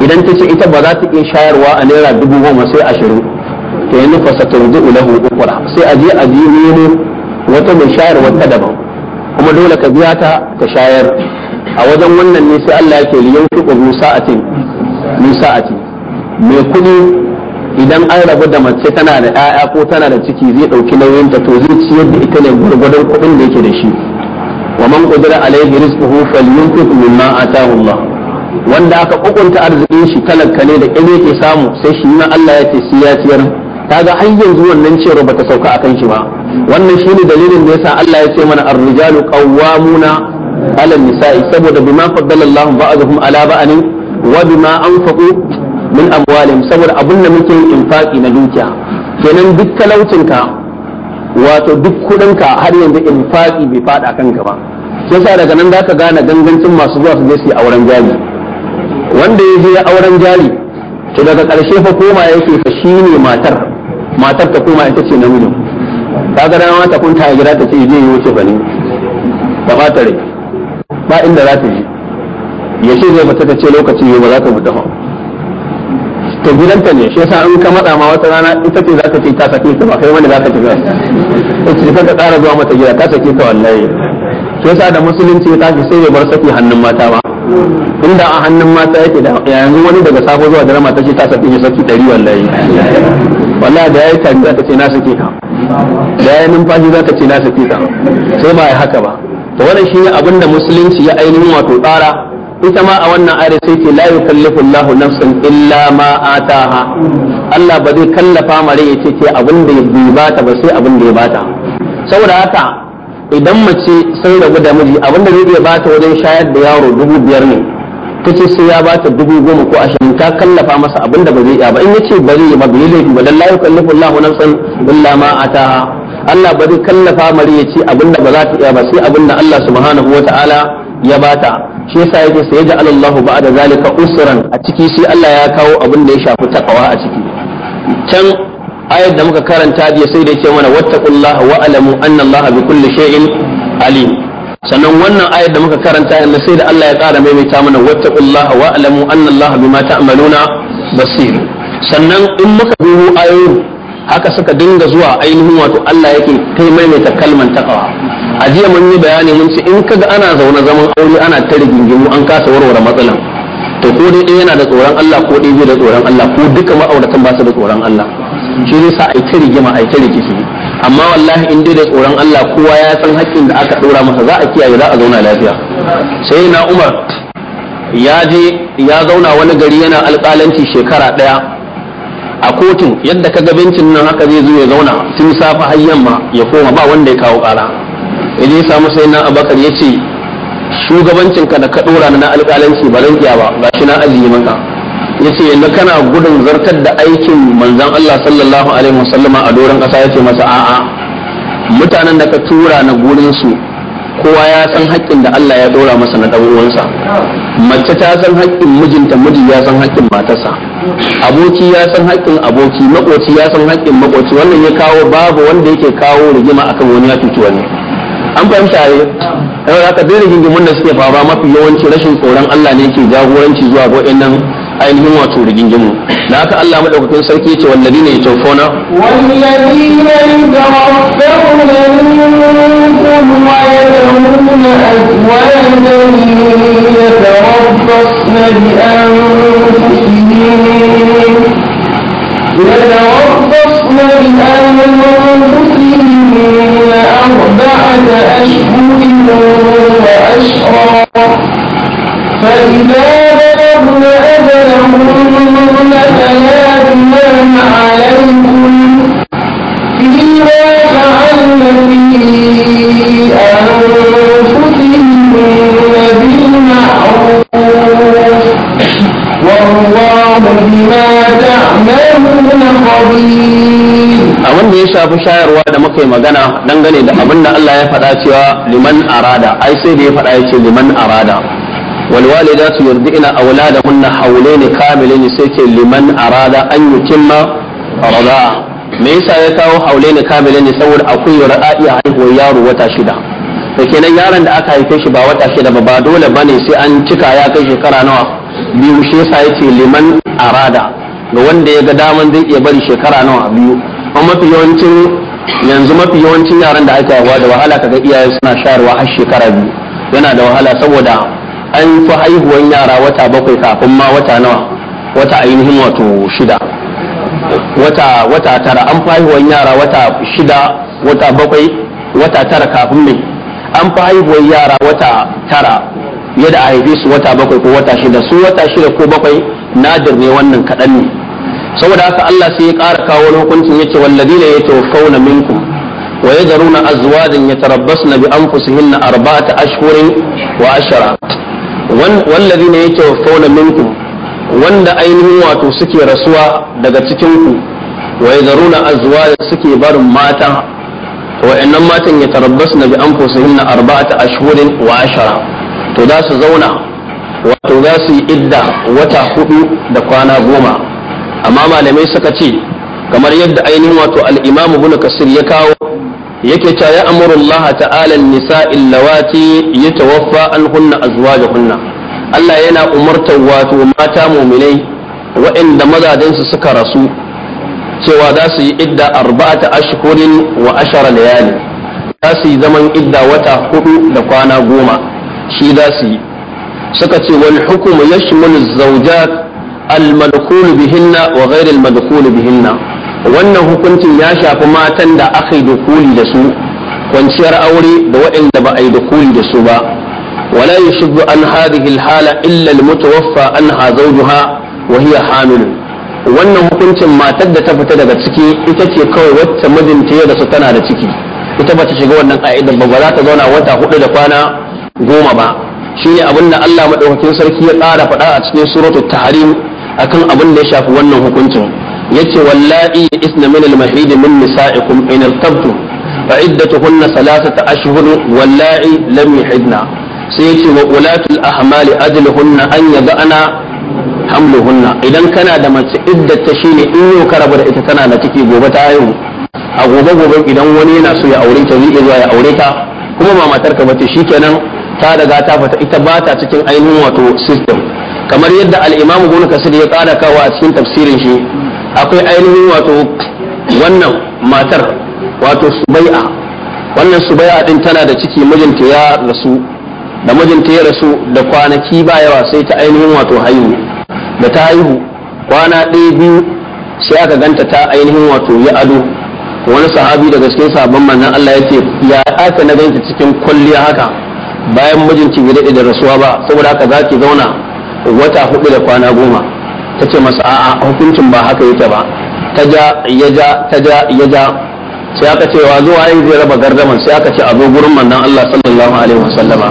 idan ta ce ita ba za ta iya shayarwa a naira dubu goma sai ashirin to yanzu fa saturdu lahu ukra sai a je a je nemo wata mai shayarwa ta daban kuma dole ka biya ta ta shayar a wajen wannan ne sai Allah yake liyan fi sa'atin min sa'atin mai kuɗi idan an rabu da mace tana da ɗaya ko tana da ciki zai ɗauki nauyin ta to zai ciyar da ita ne gwargwadon kuɗin da yake da shi wa man qadara alaihi rizquhu falyunfiq mimma ataahu Allah wanda aka kukunta arzikin shi talakka ne da kene yake samu sai shi ma Allah ya ce siya ciyar kaga har yanzu wannan ciyarwa bata sauka akan shi ba wannan shine dalilin da yasa Allah ya ce mana ar-rijalu qawwamuna 'ala an-nisa'i saboda bima faddala Allahu ba'dahum 'ala ba'ani wa bima anfaqu min amwalihim saboda abin da muke infaki na dukiya kenan duk talaucinka wato duk kudinka har yanzu infaki bai fada kanka ba yasa daga nan za ka gane gangancin masu zuwa su je su yi auren jari wanda ya je auren jari to daga ƙarshe fa koma yake fa ne matar matar ta koma ita ce namijin gada da mata kunta a gida ta ce je yi wuce bane ba ba tare ba inda za ta je ya ce zai fita ta ce lokaci yau ba za ta fita ba to gidanta ne shi yasa in ka matsa ma wata rana ita ce za ta ce ta sake ta ba kai wani za ka ci ba ce ka tsara zuwa mata gida ta sake ta wallahi shi yasa da musulunci ta ce sai ya bar saki hannun mata ba inda a hannun mata yake da yanzu wani daga safo zuwa dare mata ce ta sake ya saki dari wallahi wallahi da yayi ta za ta ce na sake ka da yayi numfashi za ta ce na sake ka sai ba haka ba to wannan shine abin da musulunci ya ainihin wato tsara ita ma a wannan ayar sai ce la yukallifu Allahu nafsan illa ma ataha Allah ba zai kallafa mare ya ce abin da ya bata ba sai abin da ya bata saboda haka idan mace sun rabu da miji abin da zai iya bata wajen shayar da yaro dubu biyar ne ta ce sai ya bata dubu goma ko ashirin ta kallafa masa abin da ba zai iya ba in ya ce ba zai ba bai laifi ba dan la yukallifu Allahu nafsan illa ma ataha Allah ba zai kallafa mare ya ce abin da ba za ta iya ba sai abin da Allah subhanahu wataala ya bata shi yasa yake sai ya Allahu ba'da zalika usran a ciki sai Allah ya kawo abin da ya shafi takawa a ciki can ayar da muka karanta jiya sai da yake mana wattaqullaha wa alamu anna Allah bi kulli shay'in alim sannan wannan ayar da muka karanta yanzu sai da Allah ya ƙara maimaita mana wattaqullaha wa alamu anna Allah bima ta'maluna basir sannan in muka dubo ayoyi haka suka dinga zuwa ainihin wato Allah yake kai maimaita kalman takawa a jiya mun yi bayani mun ce in kaga ana zaune zaman aure ana ta rigingimu an kasa warware matsalan to ko dai yana da tsoron Allah ko dai bai da tsoron Allah ko duka ma'auratan ba su da tsoron Allah shi ne sa ai ta rigima ai ta rikici amma wallahi in dai da tsoron Allah kowa ya san haƙƙin da aka dora masa za a kiyaye za a zauna lafiya sai na Umar ya je ya zauna wani gari yana alƙalanci shekara ɗaya a kotun yadda ka ga bencin nan haka zai zo ya zauna tun safa har yamma ya koma ba wanda ya kawo ƙara ya je samu sai na abakar ya ce shugabancinka da ka ɗora na alƙalanci ba zan kiya ba ga shi na ajiye maka ya ce yanzu kana gudun zartar da aikin manzan Allah sallallahu alaihi wasallama a doron ƙasa ya ce masa a'a mutanen da ka tura na gurinsu kowa ya san haƙƙin da Allah ya dora masa na ɗan uwansa mace ta san haƙƙin mijinta miji ya san haƙƙin matarsa aboki ya san haƙƙin aboki maƙoci ya san haƙƙin maƙoci wannan ya kawo babu wanda yake kawo rigima akan wani ya cuci wani an fahimta ne yau haka duk rigingimun da suke faruwa mafi yawanci rashin tsoron Allah ne ke jagoranci zuwa ga waɗannan ainihin wato rigingimu da haka Allah madaukakin sarki ce wallazi ne tawfona ne yatawaffawna أربعة أشهر magana dangane da abin da Allah ya faɗa cewa liman arada ai sai da ya faɗa ya ce liman arada yurdina awladahunna أولادهن حولين sai سيك liman arada an يتم arada me yasa ya kawo haule ne saboda akwai ra'ayi a haihuwar yaro wata shida da kenan yaron da aka haife shi ba wata shida ba ba dole bane sai an cika ya kai shekara nawa biyu shi yasa yace liman arada ga wanda ya ga daman zai iya bari shekara nawa biyu amma mafi yawancin yanzu mafi yawancin yaran da aka yawa da wahala kaga iyaye suna shayarwa har shekara biyu yana da wahala saboda an fi haihuwan yara wata bakwai kafin ma wata nawa wata ainihin wato shida wata wata tara an fi haihuwan yara wata shida wata bakwai wata tara kafin mai an fi haihuwan yara wata tara yadda a haife su wata bakwai ko wata shida su wata shida ko bakwai nadir ne wannan kaɗan ne saboda haka Allah sai ya ƙara kawo wani hukuncin yace wallazina yatawaffawna minkum wa yadruna azwajan yatarabbasna bi anfusihinna arba'ata ashhurin wa ashara wallazina yatawaffawna minkum wanda ainihin wato suke rasuwa daga cikin ku wa yadruna azwajan suke barin mata wa wa'annan matan yatarabbasna bi anfusihinna arba'ata ashhurin wa ashara to za su zauna wato za su yi idda wata hudu da kwana goma amma malamai suka ce kamar yadda ainihin wato al-imamu kasir ya kawo yake cewa ya amuru Allah ta'ala an-nisa a yatawaffa anhunna azwajuhunna Allah yana umartar wato mata mu'minai waɗanda mazajen su suka rasu cewa za su yi idda arba'ata ashhurin wa ashara layali za su yi zaman idda wata hudu da kwana goma shi za su yi suka ce wal hukmu yashmulu zawjat al-madkhulu bihinna wa ghayr al bihinna wannan hukuncin ya shafi matan da aka yi dukuli da su kwanciyar aure da waɗanda ba a yi dukuli da su ba wala yushibbu an hadhihi al-hala illa al anha zawjuha wa hiya hamil wannan hukuncin matar da ta fita daga ciki ita ce kawai wacce mijinta ya rasu tana da ciki ita ba ta shiga wannan ka'idar ba ba za ta zauna wata hudu da kwana goma ba shine abin da Allah madaukakin sarki ya ƙara faɗa a cikin suratul tahrim akan abin da ya shafi wannan hukuncin yace wallahi isna min al-mahid min nisaikum in irtabtum fa iddatuhunna thalathata ashhur wallahi lam yahidna sai yace wa ulatul ahmali ajluhunna an yad'ana hamluhunna idan kana da mace iddata shine in yau ka rabu da ita tana da ciki gobe ta haihu a gobe gobe idan wani yana so ya aure ta zai zuwa ya aure ta kuma ba matar ka bace shikenan ta daga ta fata ita ba ta cikin ainihin wato system kamar yadda Al'imamu imamu kasir ya kara kawa a cikin tafsirin shi akwai ainihin wato wannan matar wato subai'a wannan subai'a din tana da ciki mijinta ya rasu da mijinta ya rasu da kwanaki ba yawa sai ta ainihin wato haihu da ta haihu kwana ɗaya biyu sai aka ganta ta ainihin wato ya ado wani sahabi da cikin sabon manzon Allah ya ce ya aka na ganta cikin kwalliya haka bayan mijinta bai daɗe da rasuwa ba saboda haka za ki zauna wata hudu da kwana goma ta ce masa a'a hukuncin ba haka yake ba ta ja ya ja ta ja ya ja sai aka ce wa zuwa yin zai raba gardaman sai aka ce a zo gurin mandan Allah sallallahu alaihi wasallama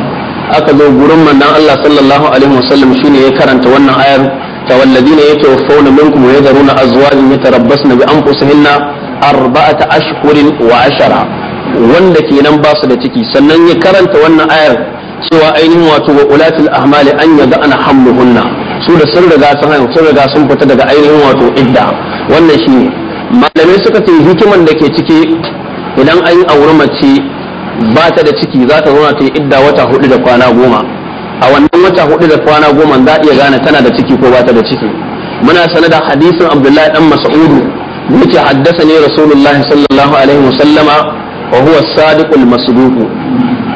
aka zo gurin mannan Allah sallallahu alaihi wasallam shine ya karanta wannan ayar ta walladina yatawaffawna minkum wa yadharuna azwajan yatarabbasna bi anfusihinna arba'ata ashhurin wa ashara wanda kenan ba su da ciki sannan ya karanta wannan ayar cewa ainihin wato wa ulatul ahmali an yaga ana su da sun riga sun sun riga sun fita daga ainihin wato idda wannan shine malamai suka ce hikiman da ke ciki idan an yi aure mace ba ta da ciki za ta zauna ta yi idda wata hudu da kwana goma a wannan wata hudu da kwana goma za a iya gane tana da ciki ko ba ta da ciki muna sanar da hadisin abdullahi dan mas'udu yake haddasa ne rasulullahi sallallahu alaihi wasallama wa huwa sadiqul masduq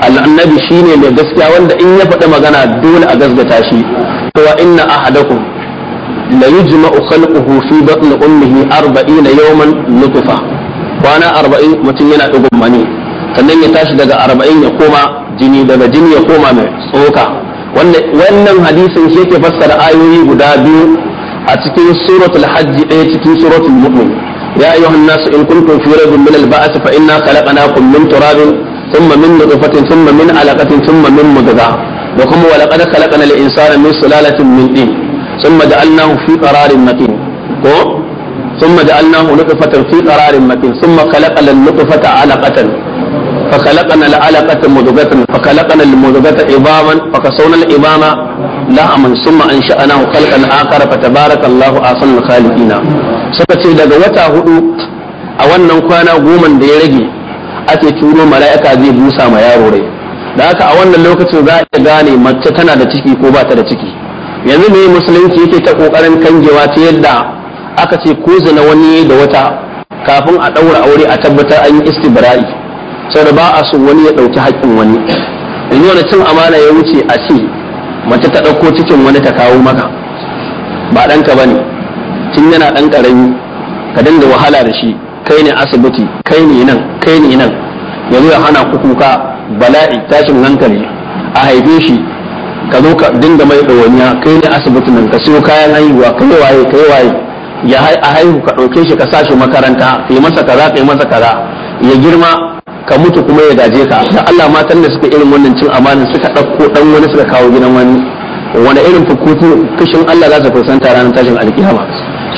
shi shine mai gaskiya wanda in ya faɗi magana dole a gasgata shi to wa inna ahadakum la yujma'u khalquhu fi batni ummihi 40 yawman nutfa kwana 40 mutum yana dugun mani sannan ya tashi daga 40 ya koma jini daga jini ya koma mai tsoka wannan hadisin shi ke fassara ayoyi guda biyu a cikin suratul hajji ɗaya cikin suratul mu'min ya ayyuhan nasu in kuntum fi raibin min al-ba'th fa inna khalaqnakum min turabin thumma min nutfatin thumma min alaqatin thumma min mudghah da kuma walaqad khalaqna al-insana min sulalatin min tin thumma ja'alnahu fi ko ثم جعلناه نطفة في قرار مكين ثم خلقنا النطفة علقة فخلقنا العلقة مضغة فخلقنا المضغة عظاما فكسونا العظام لحما ثم أنشأناه خلقا آخر فتبارك الله أحسن الخالقين سكتي daga wata huɗu a wannan kwana goman da ya rage ake turo mala'ika zai busa ma yaro rai da haka a wannan lokacin za a gane mace tana da ciki ko ba ta da ciki yanzu ne musulunci yake ta kokarin kangewa ta yadda aka ce ko zina wani da wata kafin a ɗaura aure a tabbatar an yi istibra'i sau da ba a so wani ya ɗauki haƙƙin wani yanzu wani cin amana ya wuce a ce mace ta ɗauko cikin wani ta kawo maka ba ɗanka ba ne tun yana ɗan ƙarami ka dinga wahala da shi kai ne asibiti kai ne nan kai ne nan yanzu ya hana ku kuka bala'i tashin hankali a haife shi ka zo ka dinga mai ɗawaniya kai ne asibitin nan ka siyo kayan haihuwa kai waye kai waye ya a haihu ka ɗauke shi ka sa shi makaranta kai masa kaza kai masa kaza ya girma ka mutu kuma ya gaje ka da Allah matan da suka irin wannan cin amanin suka ɗauko ɗan wani suka kawo gidan wani wani irin fukutu kishin Allah za su kusanta ranar tashin alkiyama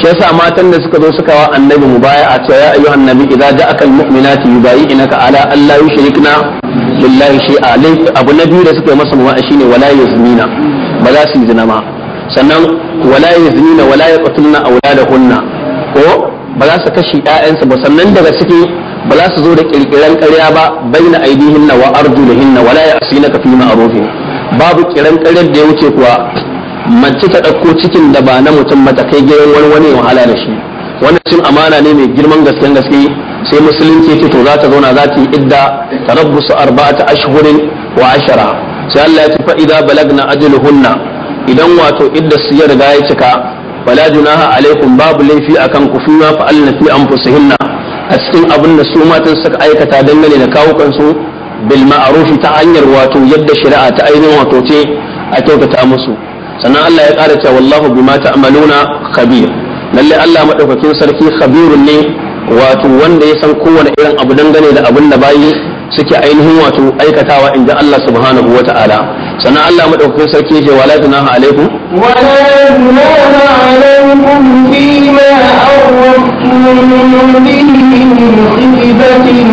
shi yasa matan da suka zo suka wa annabi a cewa ya ayyuhan nabi idza ja'aka almu'minatu yubayyinaka ala an la yushrikna billahi shay'a laifi abu na biyu da suka yi masa mubaya'a shine wala yaznina ba za su yi zina ma sannan wala yaznina wala yaqtulna awladahunna ko ba za su kashi ƴaƴansu ba sannan daga ciki ba za su zo da kirkiran ƙarya ba baina aidihinna wa arjulihinna wala ya'sinaka fi ma'rufin babu kiran ƙaryar da ya wuce kuwa mace ta ɗauko cikin da ba na mutum mata kai gidan wani wani wahala da shi wannan cin amana ne mai girman gasken gaske sai musulunci ce to za ta zauna za ta yi idda tarabbusu arba'ata ashhurin wa ashara sai Allah ya ce fa idza balagna idan wato idda su ya riga ya cika fala junaha alaikum babu laifi akan ku fima fa alna fi anfusihinna a cikin abin da su matan suka aikata dangane da kawo kansu bil ma'ruf ta hanyar wato yadda shari'a ta ainihin wato ce a kyautata musu sannan Allah ya ƙara cewa wallahu bima ta'maluna khabir lalle Allah madaukakin sarki khabirun ne wato wanda ya san kowane irin abu dangane da abin da bayi suke ainihin wato aikatawa inda Allah subhanahu wa ta'ala sannan Allah madaukakin sarki ya ce wala tunaha alaikum wala tunaha alaikum fima awrattum bihi min khibatin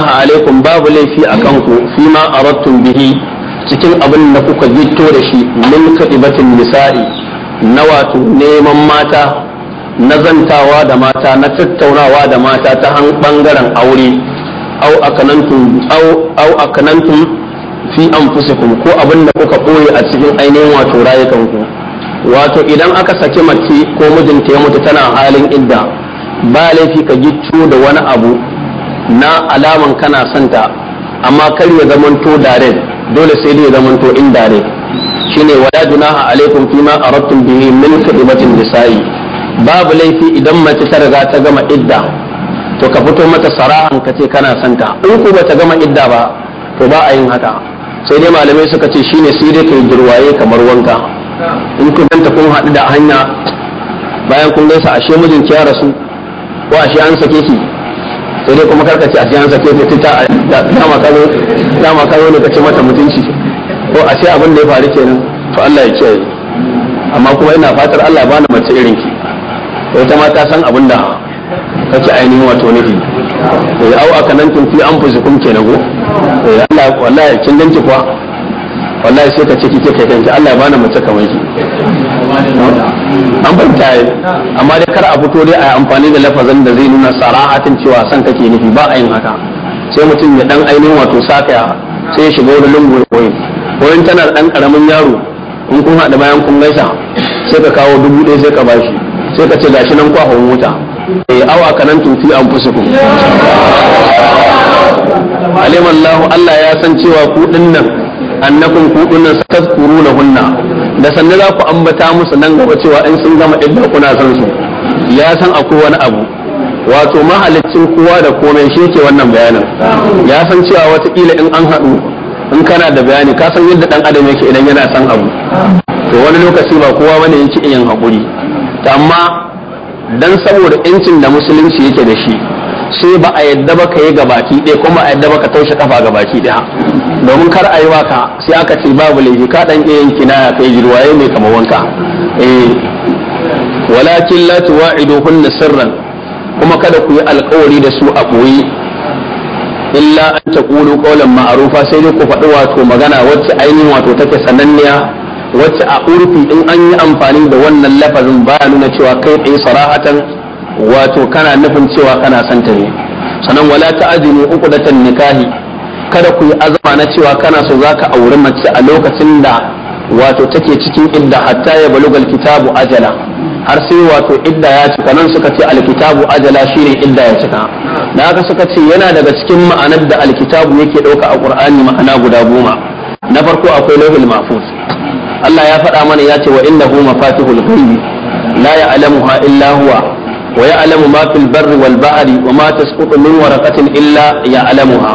junaha alaikum babu laifi kan ku fi ma bihi cikin abin da kuka gitto da shi min kadibatin nisa'i na wato neman mata na zantawa da mata na tattaunawa da mata ta han bangaren aure au akanantum au au akanantum fi anfusikum ko abin da kuka boye a cikin ainihin wato rayukan ku wato idan aka saki mace ko mijinta ya mutu tana halin idda ba laifi ka gicco da wani abu na alaman kana santa amma kar ya zamanto direct dole sai dai ya zamanto dare shine wala junaha alaikum fima aradtum bihi min khidmatin nisa'i babu laifi idan mace ta riga ta gama idda to ka fito mata sarahan ka ce kana santa in ku bata gama idda ba to ba a yin haka sai dai malamai suka ce shine sai dai yi girwaye kamar wanka in ku kun haɗu da hanya bayan kun gaisa ashe mijinki ya rasu ko ashe an sake ki sai dai kuma karkace a an sake ta ta dama karo dama karo ne kace mata mutunci ko a sai abin da ya faru kenan to Allah ya kiyaye amma kuma ina fatar Allah bani mace irin ki ko ma ta san abin da kake ainihin wato nufi Sai eh, au aka nan kin fi an kun kenan go Sai eh, Allah wallahi kin danki kuwa wallahi sai ka ce kike kai kanki Allah ya bani mace kamar ki an ban yi amma dai kar a fito dai a yi amfani da lafazin da zai nuna sara'atin cewa san kake nufi ba a yin haka sai mutum ya dan ainihin wato saka sai ya shiga wani lungun koyi koyin tana dan karamin yaro in kun haɗa bayan kun gaisa sai ka kawo dubu ɗaya sai ka bashi sai ka ce gashi nan kwa mota wuta eh, yi awa kanan tuti an ku alimallahu Allah ya san cewa ku dinnan annakum ku kuru na hunna da sanda za ku ambata musu nan gaba cewa in sun gama idda kuna san su ya san akwai wani abu wato mahalicin kowa da komai shi ke wannan bayanin ya san cewa watakila in an haɗu in kana da bayani ka san yadda ɗan adam yake idan yana san abu to wani lokaci ba kowa bane yake yin hakuri. amma dan saboda incin da musulunci yake da shi sai ba a yadda ba ka yi gabaki ɗaya kuma a yadda ba ka taushe kafa gabaki ɗaya domin kar a yi waka sai aka ce babu laifi ka ɗan iya na ya kai jirwaye mai kama wanka Eh. walakin la hunna sirran kuma kada ku yi alkawari da su a ɓoye illa an kulu qawlan Ma'arufa, sai dai ku faɗi wato magana wacce ainihin wato take sananniya wacce a urfi in an yi amfani da wannan lafazin ba nuna cewa kai tsaye sarahatan wato kana nufin cewa kana son ta ne sannan wala ta'jilu uqdatan nikahi kada ku yi azama na cewa kana so zaka auri mace a lokacin da wato take cikin idda hatta ya balugal kitabu ajala har sai wato idda ya cika nan suka ce alkitabu ajala shine idda ya cika Na ga suka ce yana daga cikin ma'anar da alkitabu yake ɗauka a qur'ani ma'ana guda goma na farko akwai lauhul mahfuz Allah ya faɗa mana ya ce wa innahu mafatihul ghaibi la ya'lamuha illa huwa ويعلم ما في البر والبحر وما تسقط من ورقة إلا يعلمها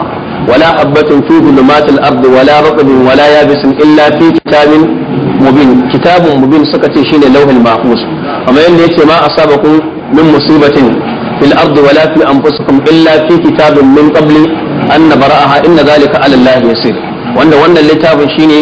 ولا حبة في ظلمات الأرض ولا رطب ولا يابس إلا في كتاب مبين كتاب مبين سكتي شين لوح المحفوظ أما يلي ما أصابكم من مصيبة في الأرض ولا في أنفسكم إلا في كتاب من قبل أن نبرأها إن ذلك على الله يسير وأن وأن اللتاب شيني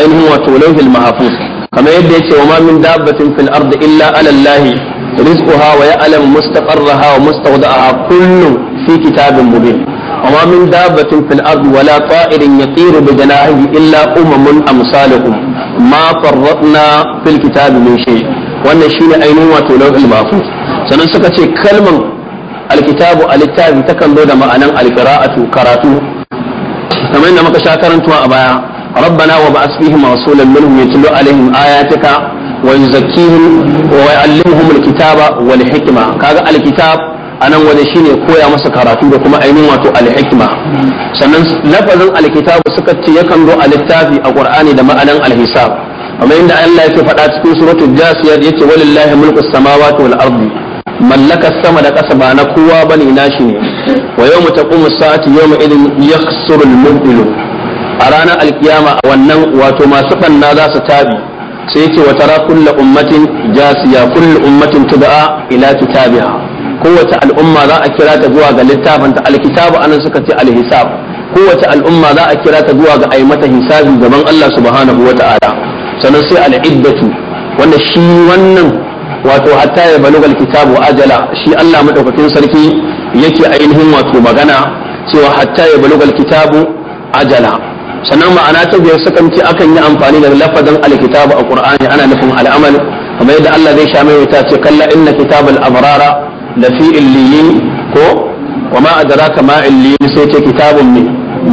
أين هو لوح المحفوظ كما يدي وما من دابة في الأرض إلا على الله رزقها ويعلم مستقرها ومستودعها كل في كتاب مبين وما من دابة في الأرض ولا طائر يطير بجناحه إلا أمم أمثالكم ما فرطنا في الكتاب من شيء wannan shi ne ainihin wato lauhul mahfuz sannan suka ce kalmar alkitabu alittafi takan zo da ma'anan alqira'atu karatu kamar yadda muka sha karantuwa a baya rabbana wa ba'ath fihim rasulan minhum yatlu alaihim wa yuzakkihim wa yuallimuhum alkitaba wal hikma kaga alkitab anan waje shine koya masa karatu da kuma ainihin wato alhikma sannan lafazin alkitab suka ce yakan zo a littafi a qur'ani da ma'anan alhisab kamar inda Allah yake faɗa cikin suratul jasiyat yace walillahi mulku samawati wal ardi mallaka sama da ƙasa ba na kowa bane nashi ne wa yawma taqumu sa'atu yawma idin yakhsuru al a ranar alkiyama a wannan wato masu banna za su tabi sai yake wa tara kulla ummatin jasiya kulla ummatin tud'a ila kitabiha kowace al'umma za a kira ta zuwa ga littafin ta alkitabu anan suka ce alhisab kowace al'umma za a kira ta zuwa ga ayi mata hisabi gaban Allah subhanahu wata'ala sannan sai al'iddatu wanda shi wannan wato hatta ya balugal kitabu ajala shi Allah madaukakin sarki yake ainihin wato magana cewa hatta ya balugal kitabu ajala sannan ma'ana ta biyar sukan ce akan yi amfani da lafazin alkitabu a qur'ani ana nufin al'amal kamar yadda Allah zai sha mai wuta ce kalla inna kitabal abrara lafi illiyin ko wa ma adraka ma illiyin sai ce kitabun ne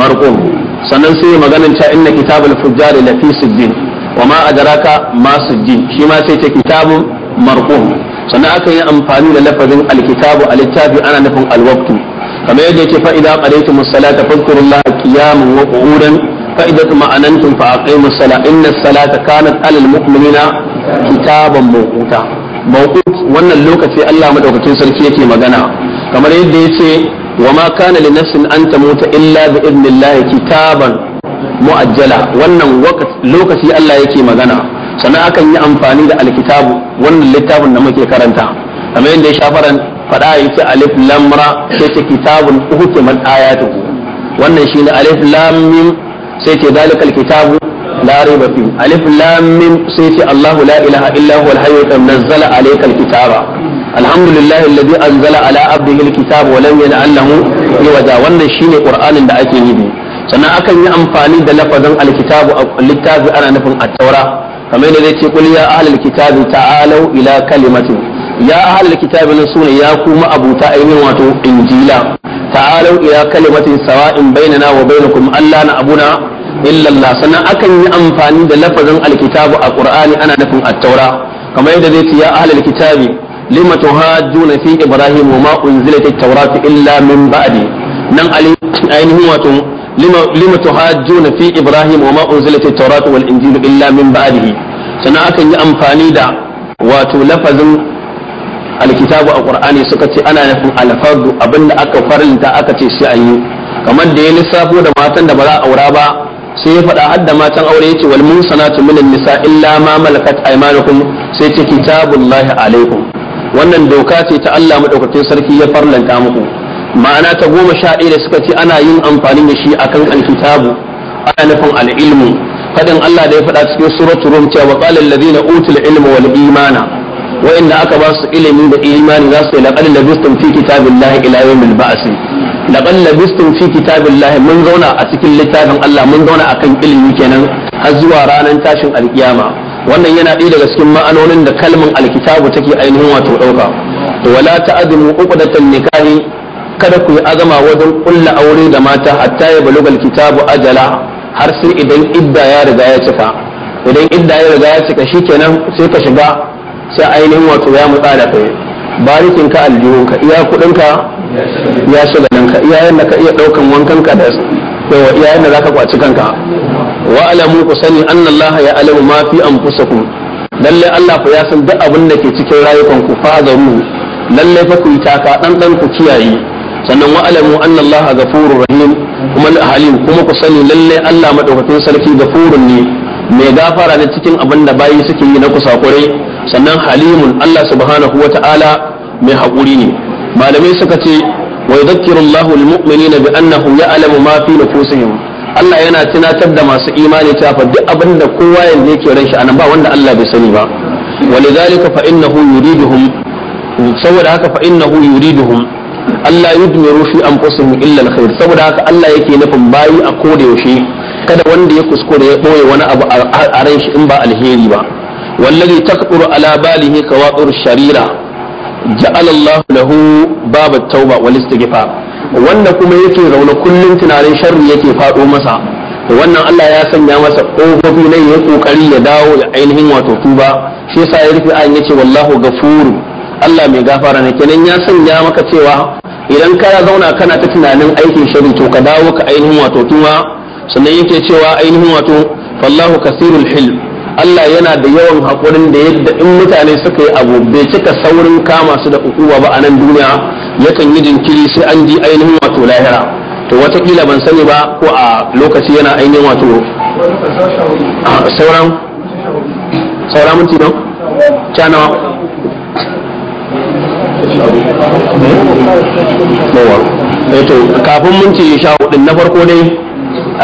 marqum sannan sai maganin ta inna kitabal fujjar fi sijjin wa ma adraka ma sijjin shi ma sai ce kitabun marqum sannan akan yi amfani da lafazin alkitabu a littafi ana nufin alwaqtu kamar yadda yake fa idza qalaytumus salata fadhkurullaha qiyaman wa qu'udan قاعدة ما أننتم فأقيموا الصلاة إن الصلاة كانت على المؤمنين كتابا موقوتا موقوت وأن اللوكة في الله مدوكة سلكية مغنى كما يدي وما كان لنفس أن تموت إلا بإذن الله كتابا mu'ajjala wannan lokaci Allah yake magana sannan akan yi amfani da alkitabu wannan littafin da muke karanta kamar yadda ya shafaran fada ya ce alif lamra sai ce kitabun uhukimat ayatuhu wannan shine alif lam sai ce zalikal kitabu la raiba fi alif lam mim sai ce Allah la ilaha illa huwa al-hayy nazzala alayka al-kitaba alhamdulillahi alladhi anzala ala abdihi al-kitaba wa lam yan'al lahu wannan shine qur'anin da ake yi sannan akan yi amfani da lafazin alkitabu a littafi ana nufin at-taura kamar yadda zai ce kul ya ahlal kitabi ta'alu ila kalimatin ya ahlal kitabi nan sune ya kuma abuta ainihin wato injila ta'alu ila kalimatin sawa'in bainana wa bainakum alla na abuna illallah sannan akan yi amfani da lafazin alkitabu a qur'ani ana nufin at-taura kamar yadda zai ce ya ahlul kitabi lima tuhajjuna fi ibrahim wa ma unzilat at illa min ba'di nan ainihin wato lima lima tuhajjuna fi ibrahim wa ma unzilat at wal illa min ba'dihi sannan akan yi amfani da wato lafazin alkitabu a qur'ani suka ce ana nufin alfardu abinda aka faranta aka ce sai ayi kamar da ya lissafo da matan da ba za a aura ba sai ya faɗa hadda matan aure yace wal musanatu minan nisa illa ma malakat aymanukum sai ce kitabullahi alaikum wannan doka ce ta Allah madaukakin sarki ya farlanta muku ma'ana ta goma sha ɗaya da suka ce ana yin amfani da shi akan alkitabu ana nufin al'ilmu fadin Allah da ya faɗa cikin suratul rum cewa qala alladhina utul ilma wal imana wa'inda aka ba su ilimi da imani za su yi laqad labistum fi kitabillahi ila yawmil ba'si laqad labistum fi lahi mun zauna a cikin littafin Allah mun zauna akan ilimi kenan har zuwa ranar tashin alkiyama wannan yana ɗaya daga cikin ma'anonin da kalmar alkitabu take ainihin wato ɗauka wala ta'zimu uqdatan nikahi kada ku yi azama wajen kulla aure da mata hatta ya balugal kitabu ajala har sai idan idda ya riga ya cika idan idda ya riga ya cika shikenan sai ka shiga sai ainihin wato ya mutsa da kai barikin ka aljihunka iya kudinka ya shiga shagalanka iya yadda ka iya daukan wankanka da yawa iya yadda zaka kwaci kanka wa alamu ku sani annallaha ya alamu ma fi anfusakum lalle Allah fa ya san duk abin da ke cikin rayukanku fa zaru lalle fa ku yi taka dan dan ku kiyaye sannan wa alamu annallaha ghafurur rahim kuma halim kuma ku sani lalle Allah madaukakin sarki ghafurun ne mai gafara ne cikin abin da bayi suke yi na kusakurai sannan halimun Allah subhanahu wa ta'ala mai haƙuri ne malamai suka ce wa yadhkirullahu na bi annahu ya'lamu ma fi nufusihim Allah yana tunatar da masu imani ta duk abin da kowa yanzu yake ran shi ba wanda Allah bai sani ba ولذلك فإنه يريدهم saboda haka fa innahu yuriduhum Allah yudmiru fi anfusihim illa alkhair saboda haka Allah yake nufin bayi a koda yaushe kada wanda ya kuskure ya ɓoye wani abu a ran shi in ba alheri ba wallazi taqduru ala balihi kawatur sharira ja'alallahu lahu babu tauba wal istighfar wanda kuma yake rauna kullun tunanin sharri yake fado masa wannan Allah ya sanya masa kofofi ne ya kokari ya dawo da ainihin wato tuba shi yasa ya rufe ayin yace wallahu ghafuru Allah mai gafara ne kenan ya sanya maka cewa idan ka zauna kana ta tunanin aikin sharri to ka dawo ka ainihin wato tuba sannan yake cewa ainihin wato fallahu kasirul hil Allah yana da yawan haƙurin da yadda in mutane suka yi abu bai cika saurin kama su da ukuwa ba a nan duniya yakan yi jinkiri sai an ji ainihin wato lahira to watakila ban sani ba ko a lokaci yana ainihin wato sauran sauran minti don canawa eh? eh kafin minti sha hudu na farko dai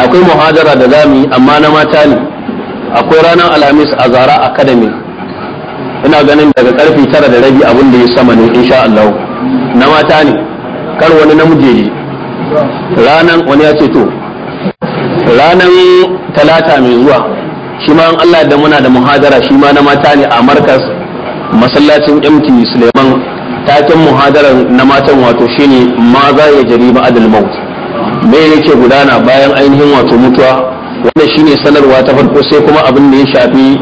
akwai muhadara da za mu yi amma na mata ne akwai ranar alhamis a zara academy ina ganin daga karfe tara da rabi abin da ya sama ne insha Allah na mata ne kar wani namiji ranan wani ya ce to ranan talata mai zuwa shi ma Allah da muna da muhadara shi ma na mata ne a markas masallacin MT Suleiman taken muhadarar na matan wato shine maza ya jari ba adal me yake gudana bayan ainihin wato mutuwa wanda shine sanarwa ta farko sai kuma abin da ya shafi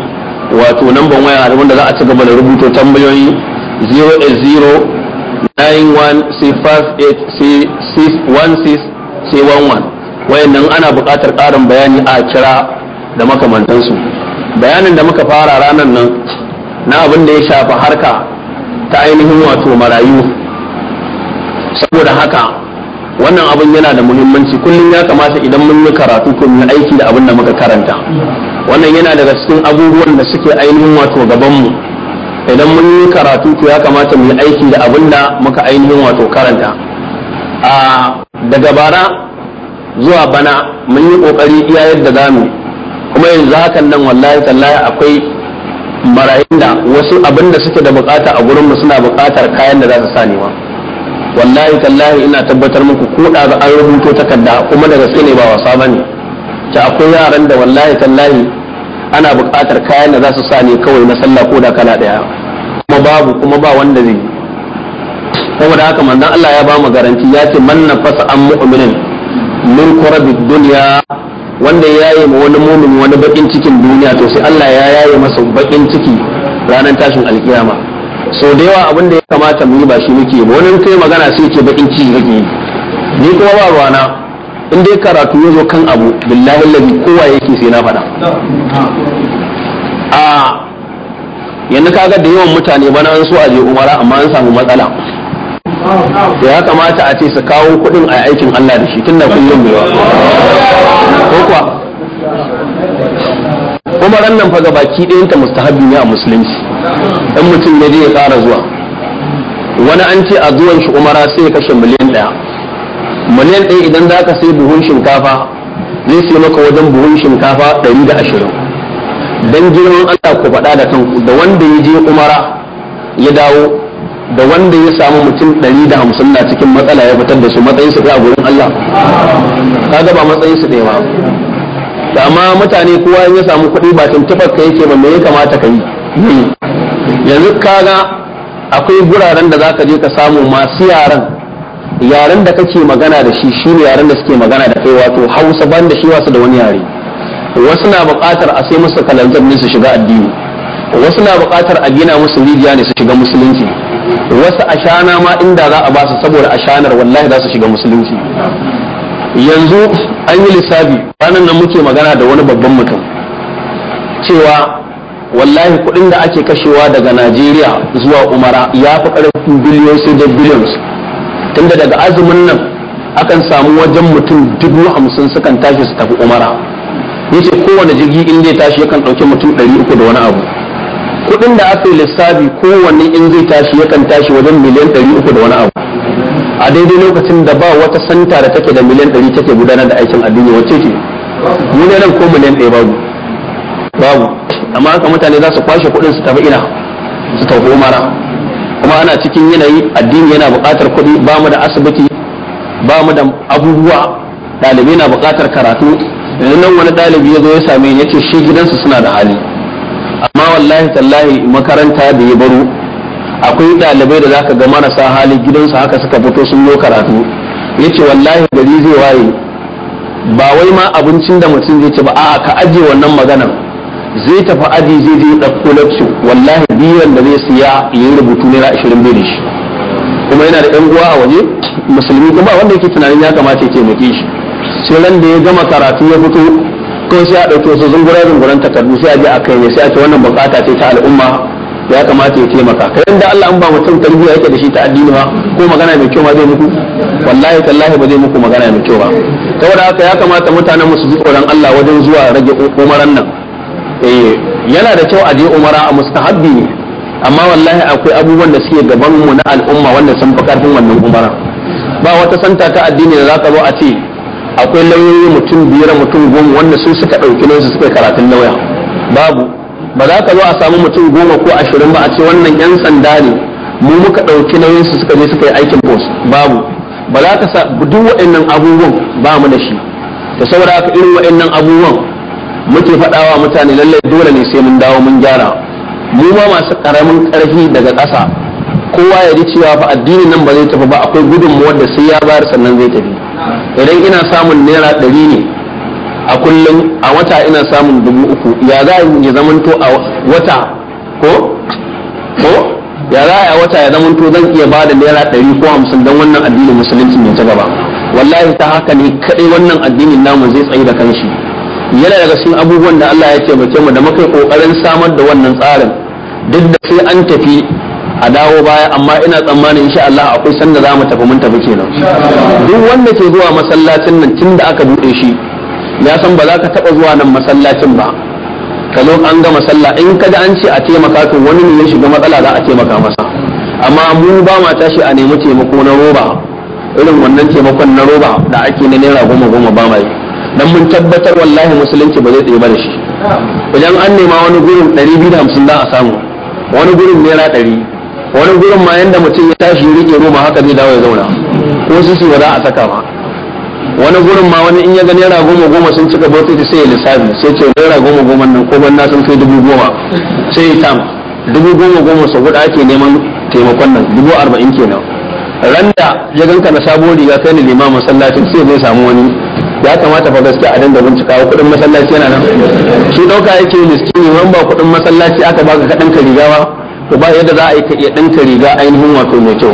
wato number waya da za a ci gaba da rubuto tambayoyi 080 wayannan ana buƙatar ƙarin bayani a kira da makamantansu bayanin da muka fara ranar nan na abin da ya shafi harka ta ainihin wato marayu saboda haka wannan abin yana da muhimmanci kullum ya kamata idan mun yi karatu ko mun aiki da abin da muka karanta wannan yana daga cikin abubuwan da suke ainihin wato gabanmu idan mun yi karatu ko ya kamata mu yi aiki da abin da muka ainihin wato karanta a daga bara zuwa bana mun yi kokari iya yadda za mu, kuma yanzu hakan nan wallahi tallahi akwai marayun da wasu abin da suke da bukata a gurin mu suna bukatar kayan da za su sa wallahi tallahi ina tabbatar muku ko da an rubuto takarda kuma daga gaske ne ba wasa bane ta akwai yaran da wallahi tallahi ana buƙatar kayan da za su sa ne kawai na sallah ko da kana daya kuma babu kuma ba wanda zai saboda haka manzon Allah ya ba mu garanti ya ce man nafasa an mu'minin min qurabid dunya wanda ya yi ma wani mumin wani bakin cikin duniya to sai Allah ya yaye masa bakin ciki ranar tashin alkiyama so da yawa abin da ya kamata mu yi ba shi muke ba wani kai magana sai ke bakin ci kake yi ni kuma ba ruwana in dai karatu ya zo kan abu billahi lazi kowa yake sai na faɗa a yanzu kaga da yawan mutane bana an so a je umara amma an samu matsala da ya kamata a ce su kawo kuɗin a aikin Allah da shi tun da kullum bai ko kuwa umaran nan fa ga gabaki ɗayanta mustahabbi ne a musulunci in mutum ya je ya ƙara zuwa wani an ce a zuwan shi umara sai ya kashe miliyan ɗaya miliyan ɗaya idan za ka sai buhun shinkafa zai sai maka wajen buhun shinkafa ɗari da ashirin don girman allah ku faɗa da kanku da wanda ya je umara ya dawo da wanda ya samu mutum ɗari da hamsin na cikin matsala ya fitar da su matsayin su a gurin Allah ka gaba matsayin su ɗaya ba amma mutane kowa ya samu kuɗi ba tuntuɓar ka yake ba me ya kamata ka yi yanzu kaga akwai guraren da zaka je ka samu masu yaren. yaren da kake magana da shi ne yaren da suke magana da kai wato hausa ban da shi wasu da wani yare wasu na bukatar a sai musu kalanzar ne su shiga addini wasu na bukatar a gina musu rijiya ne su shiga musulunci wasu ashana ma inda za a ba su saboda ashanar wallahi za su shiga musulunci yanzu an yi lissafi ranar nan muke magana da wani babban mutum cewa wallahi kuɗin da ake kashewa daga najeriya zuwa umara ya fi ƙarfin biliyon sai da billions tunda daga azumin nan akan samu wajen mutum dubu hamsin sukan tashi su tafi umara yace kowane jirgi in zai tashi yakan ɗauki mutum ɗari uku da wani abu kuɗin da aka yi lissafi kowanne in zai tashi yakan tashi wajen miliyan ɗari uku da wani abu a daidai lokacin da ba wata santa da take da miliyan ɗari take gudanar da aikin addini wacce ce mu ne nan ko miliyan ɗaya babu babu amma haka mutane za su kwashe kuɗin su tafi ina su tafi umara kuma ana cikin yanayi addini yana buƙatar kuɗi ba mu da asibiti ba mu da abubuwa ɗalibi na buƙatar karatu yanzu nan wani ɗalibi ya zo ya same ni yace shi gidansu suna da hali amma wallahi tallahi makaranta da ya baro akwai ɗalibai da zaka ga marasa hali gidansu haka suka fito sun yo karatu yace wallahi gari zai waye ba wai ma abincin da mutum zai ci ba a'a ka ajiye wannan maganar zai tafi aji zai je ɗauko lakcin wallahi biyan da zai siya ya rubutu naira ashirin bai da shi kuma yana da yan uwa a waje musulmi kuma wanda yake tunanin ya kamata ya taimake shi sai ran da ya gama karatu ya fito kawai sai a ɗauki wasu zungura zunguran takardu sai a je a kai ne sai a ce wannan bukata ce ta al'umma ya kamata ya taimaka kai inda Allah an ba mutum tarbiyya yake da shi ta addini ba ko magana mai kyau ma zai muku wallahi tallahi ba zai muku magana mai kyau ba saboda haka ya kamata mutanen mu su ji tsoron Allah wajen zuwa rage umaran nan eh yana da kyau a je umara a mustahabbi ne amma wallahi akwai abubuwan da suke gaban mu na al'umma wanda sun fi karfin wannan umara ba wata santa ta addini da zaka zo a ce akwai lauyoyi mutum biyar mutum goma wanda su suka ɗauki nan suka karatun lauya babu ba za ka zo a samu mutum goma ko ashirin ba a ce wannan yan sanda ne mu muka ɗauki nauyin su suka je suka yi aikin post babu ba za ka sa duk waɗannan abubuwan ba mu da shi da saboda haka irin waɗannan abubuwan muke faɗawa mutane lallai dole ne sai mun dawo mun gyara mu ma masu ƙaramin ƙarfi daga ƙasa kowa ya ji cewa fa addinin nan ba zai tafi ba akwai mu da sai ya bayar sannan zai tafi idan ina samun naira ɗari ne a kullum a wata ina samun dubu uku ya za ya zamanto a wata ko ko ya za a wata ya zamanto zan iya ba da naira ɗari ko hamsin don wannan addinin musulunci mai ta gaba wallahi ta haka ne kaɗai wannan addinin namu zai tsayi da kanshi yana daga cikin abubuwan da Allah ya ce mu da muka yi kokarin samar da wannan tsarin duk da sai an tafi a dawo baya amma ina tsammanin insha Allah akwai sanda za mu tafi mun tafi kenan duk wanda ke zuwa masallacin nan tunda aka buɗe shi ya san ba za ka taba zuwa nan masallacin ba ka zo an ga masalla. in ka ga an ce a taimaka to wani ne ya shiga matsala za a taimaka masa amma mu ba ma tashi a nemi taimako na roba irin wannan taimakon na roba da ake na naira goma goma ba mai dan mun tabbatar wallahi musulunci ba zai tsaye ba da shi idan an nema wani gurin 250 za a samu wani gurin naira 100 wani gurin ma yanda mutum ya tashi rike roma haka zai dawo ya zauna ko su ba za a saka ma. wani gurin ma wani in ya ga naira goma goma sun cika bauta sai ya lissafi sai ce naira goma goma nan ko ban na sun kai dubu goma sai ya tam dubu goma goma sau guda ake neman taimakon nan dubu arba'in kenan randa ya ganka na sabo riga kai ne limamin masallacin sai zai samu wani ya kamata fa gaskiya a dinga bincika kudin masallaci yana nan shi ɗauka yake miskini neman ba kuɗin masallaci aka baka ka riga ba to ba yadda za a yi ka iya ɗinka riga ainihin wato mai kyau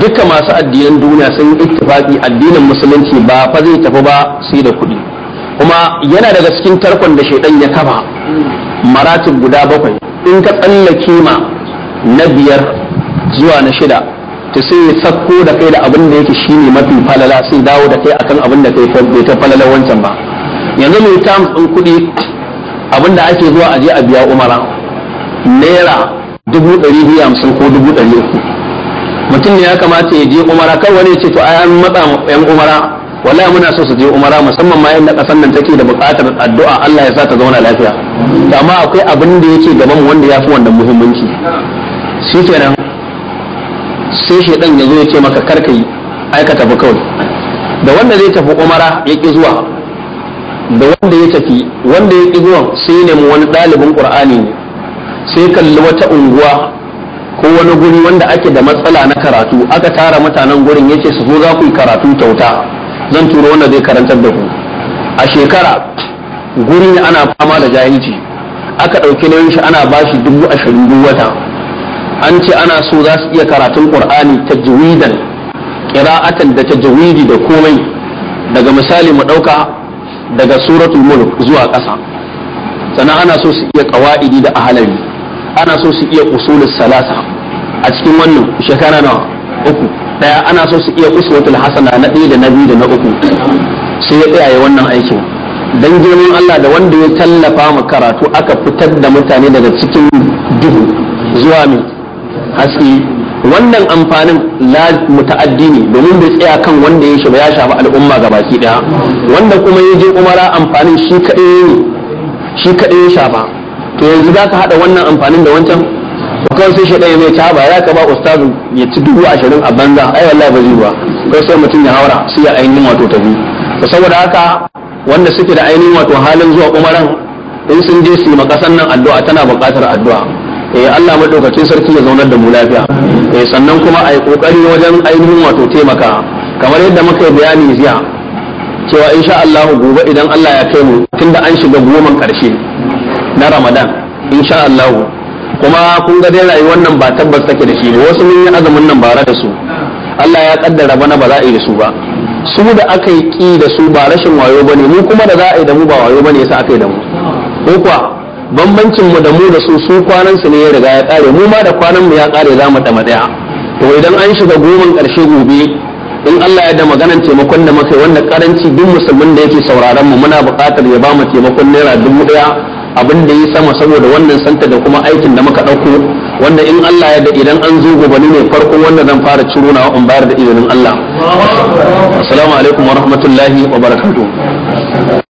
duka masu addinan duniya sun yi ittifaki addinin musulunci ba fa zai tafi ba sai da kuɗi kuma yana daga cikin tarkon da shaidan ya kafa maratib guda bakwai in ka tsallake ma na biyar zuwa na shida to sai ya sakko da kai da abin da yake ne mafi falala sai dawo da kai akan abin da kai bai ta falala wancan ba yanzu mai tam din kuɗi abin da ake zuwa a je a biya umara naira dubu ɗari biyu hamsin ko dubu ɗari uku mutum ne ya kamata ya je umara kan wani ce to an matsa yan umara wallahi muna so su je umara musamman ma yanda kasan nan take da buƙatar addu'a Allah ya sa ta zauna lafiya amma akwai abin da yake gaban wanda ya fi wannan muhimmanci kenan. sai shaidan ya zo ya ce maka karka yi aika tafi kawai da wanda zai tafi umara ya ƙi zuwa da wanda ya tafi wanda ya ƙi zuwa sai ne mu wani ɗalibin ƙur'ani ne sai kalli wata unguwa ko wani guri wanda ake da matsala na karatu aka tara mutanen gurin ya ce su zo za ku yi karatu kyauta zan turo wanda zai karantar da ku a shekara guri ana fama da jahilci aka ɗauki nauyin shi ana bashi dubu ashirin duk wata an ce ana so za su iya karatun ta jawidan ƙira'atan da ta jawidi da komai daga misali mu ɗauka daga suratul mulk zuwa ƙasa sannan ana so su iya ƙawa'idi da ahalari ana so su iya usulus salasa a cikin wannan shekara na uku daya ana so su iya uswatul hasana na ɗaya da na biyu da na uku sai ya tsaya wannan aikin dan girman Allah da wanda ya tallafa mu karatu aka fitar da mutane daga cikin duhu zuwa mai haske wannan amfanin la muta'addi ne domin bai tsaya kan wanda ya shiga ya shafi al'umma ga baki daya wanda kuma ya je umara amfanin shi kadai ne shi kadai ya shafa to yanzu za ka hada wannan amfanin da wancan kawai sai shi ɗaya mai ba ya ka ba ustazu ya ci dubu ashirin a banza ai wallahi ba zai ba kai sai mutum ya haura sai ya ainihin wato tafi saboda haka wanda suke da ainihin wato halin zuwa umaran in sun je su yi makasan nan addu'a tana buƙatar addu'a eh Allah madaukakin sarki ya zaunar da mu lafiya eh sannan kuma ai kokari wajen ainihin wato taimaka kamar yadda muka bayani jiya cewa insha Allah gobe idan Allah ya kai mu tunda an shiga goman karshe na Ramadan insha Allah kuma kun ga dai rayuwar nan ba tabbas take da shi ba wasu mun yi azumin nan bara da su Allah ya kaddara bana ba za a yi da su ba su da aka yi ki da su ba rashin wayo bane mu kuma da za a yi da mu ba wayo bane yasa aka yi da mu ko kuwa bambancin mu da mu da su su kwanan su ne ya riga ya kare mu ma da kwanan mu ya kare za mu dama daya to idan an shiga goman karshe gobe in Allah ya da maganan taimakon da muka wanda karanci duk musulmin da yake sauraron mu muna buƙatar ya ba mu taimakon naira dubu daya abin da ya sama saboda wannan santa da kuma aikin da muka ɗauko wanda in Allah ya da idan an zo gobe ne farkon wanda zan fara ciro na in bayar da izinin Allah assalamu alaikum wa rahmatullahi wa barakatuh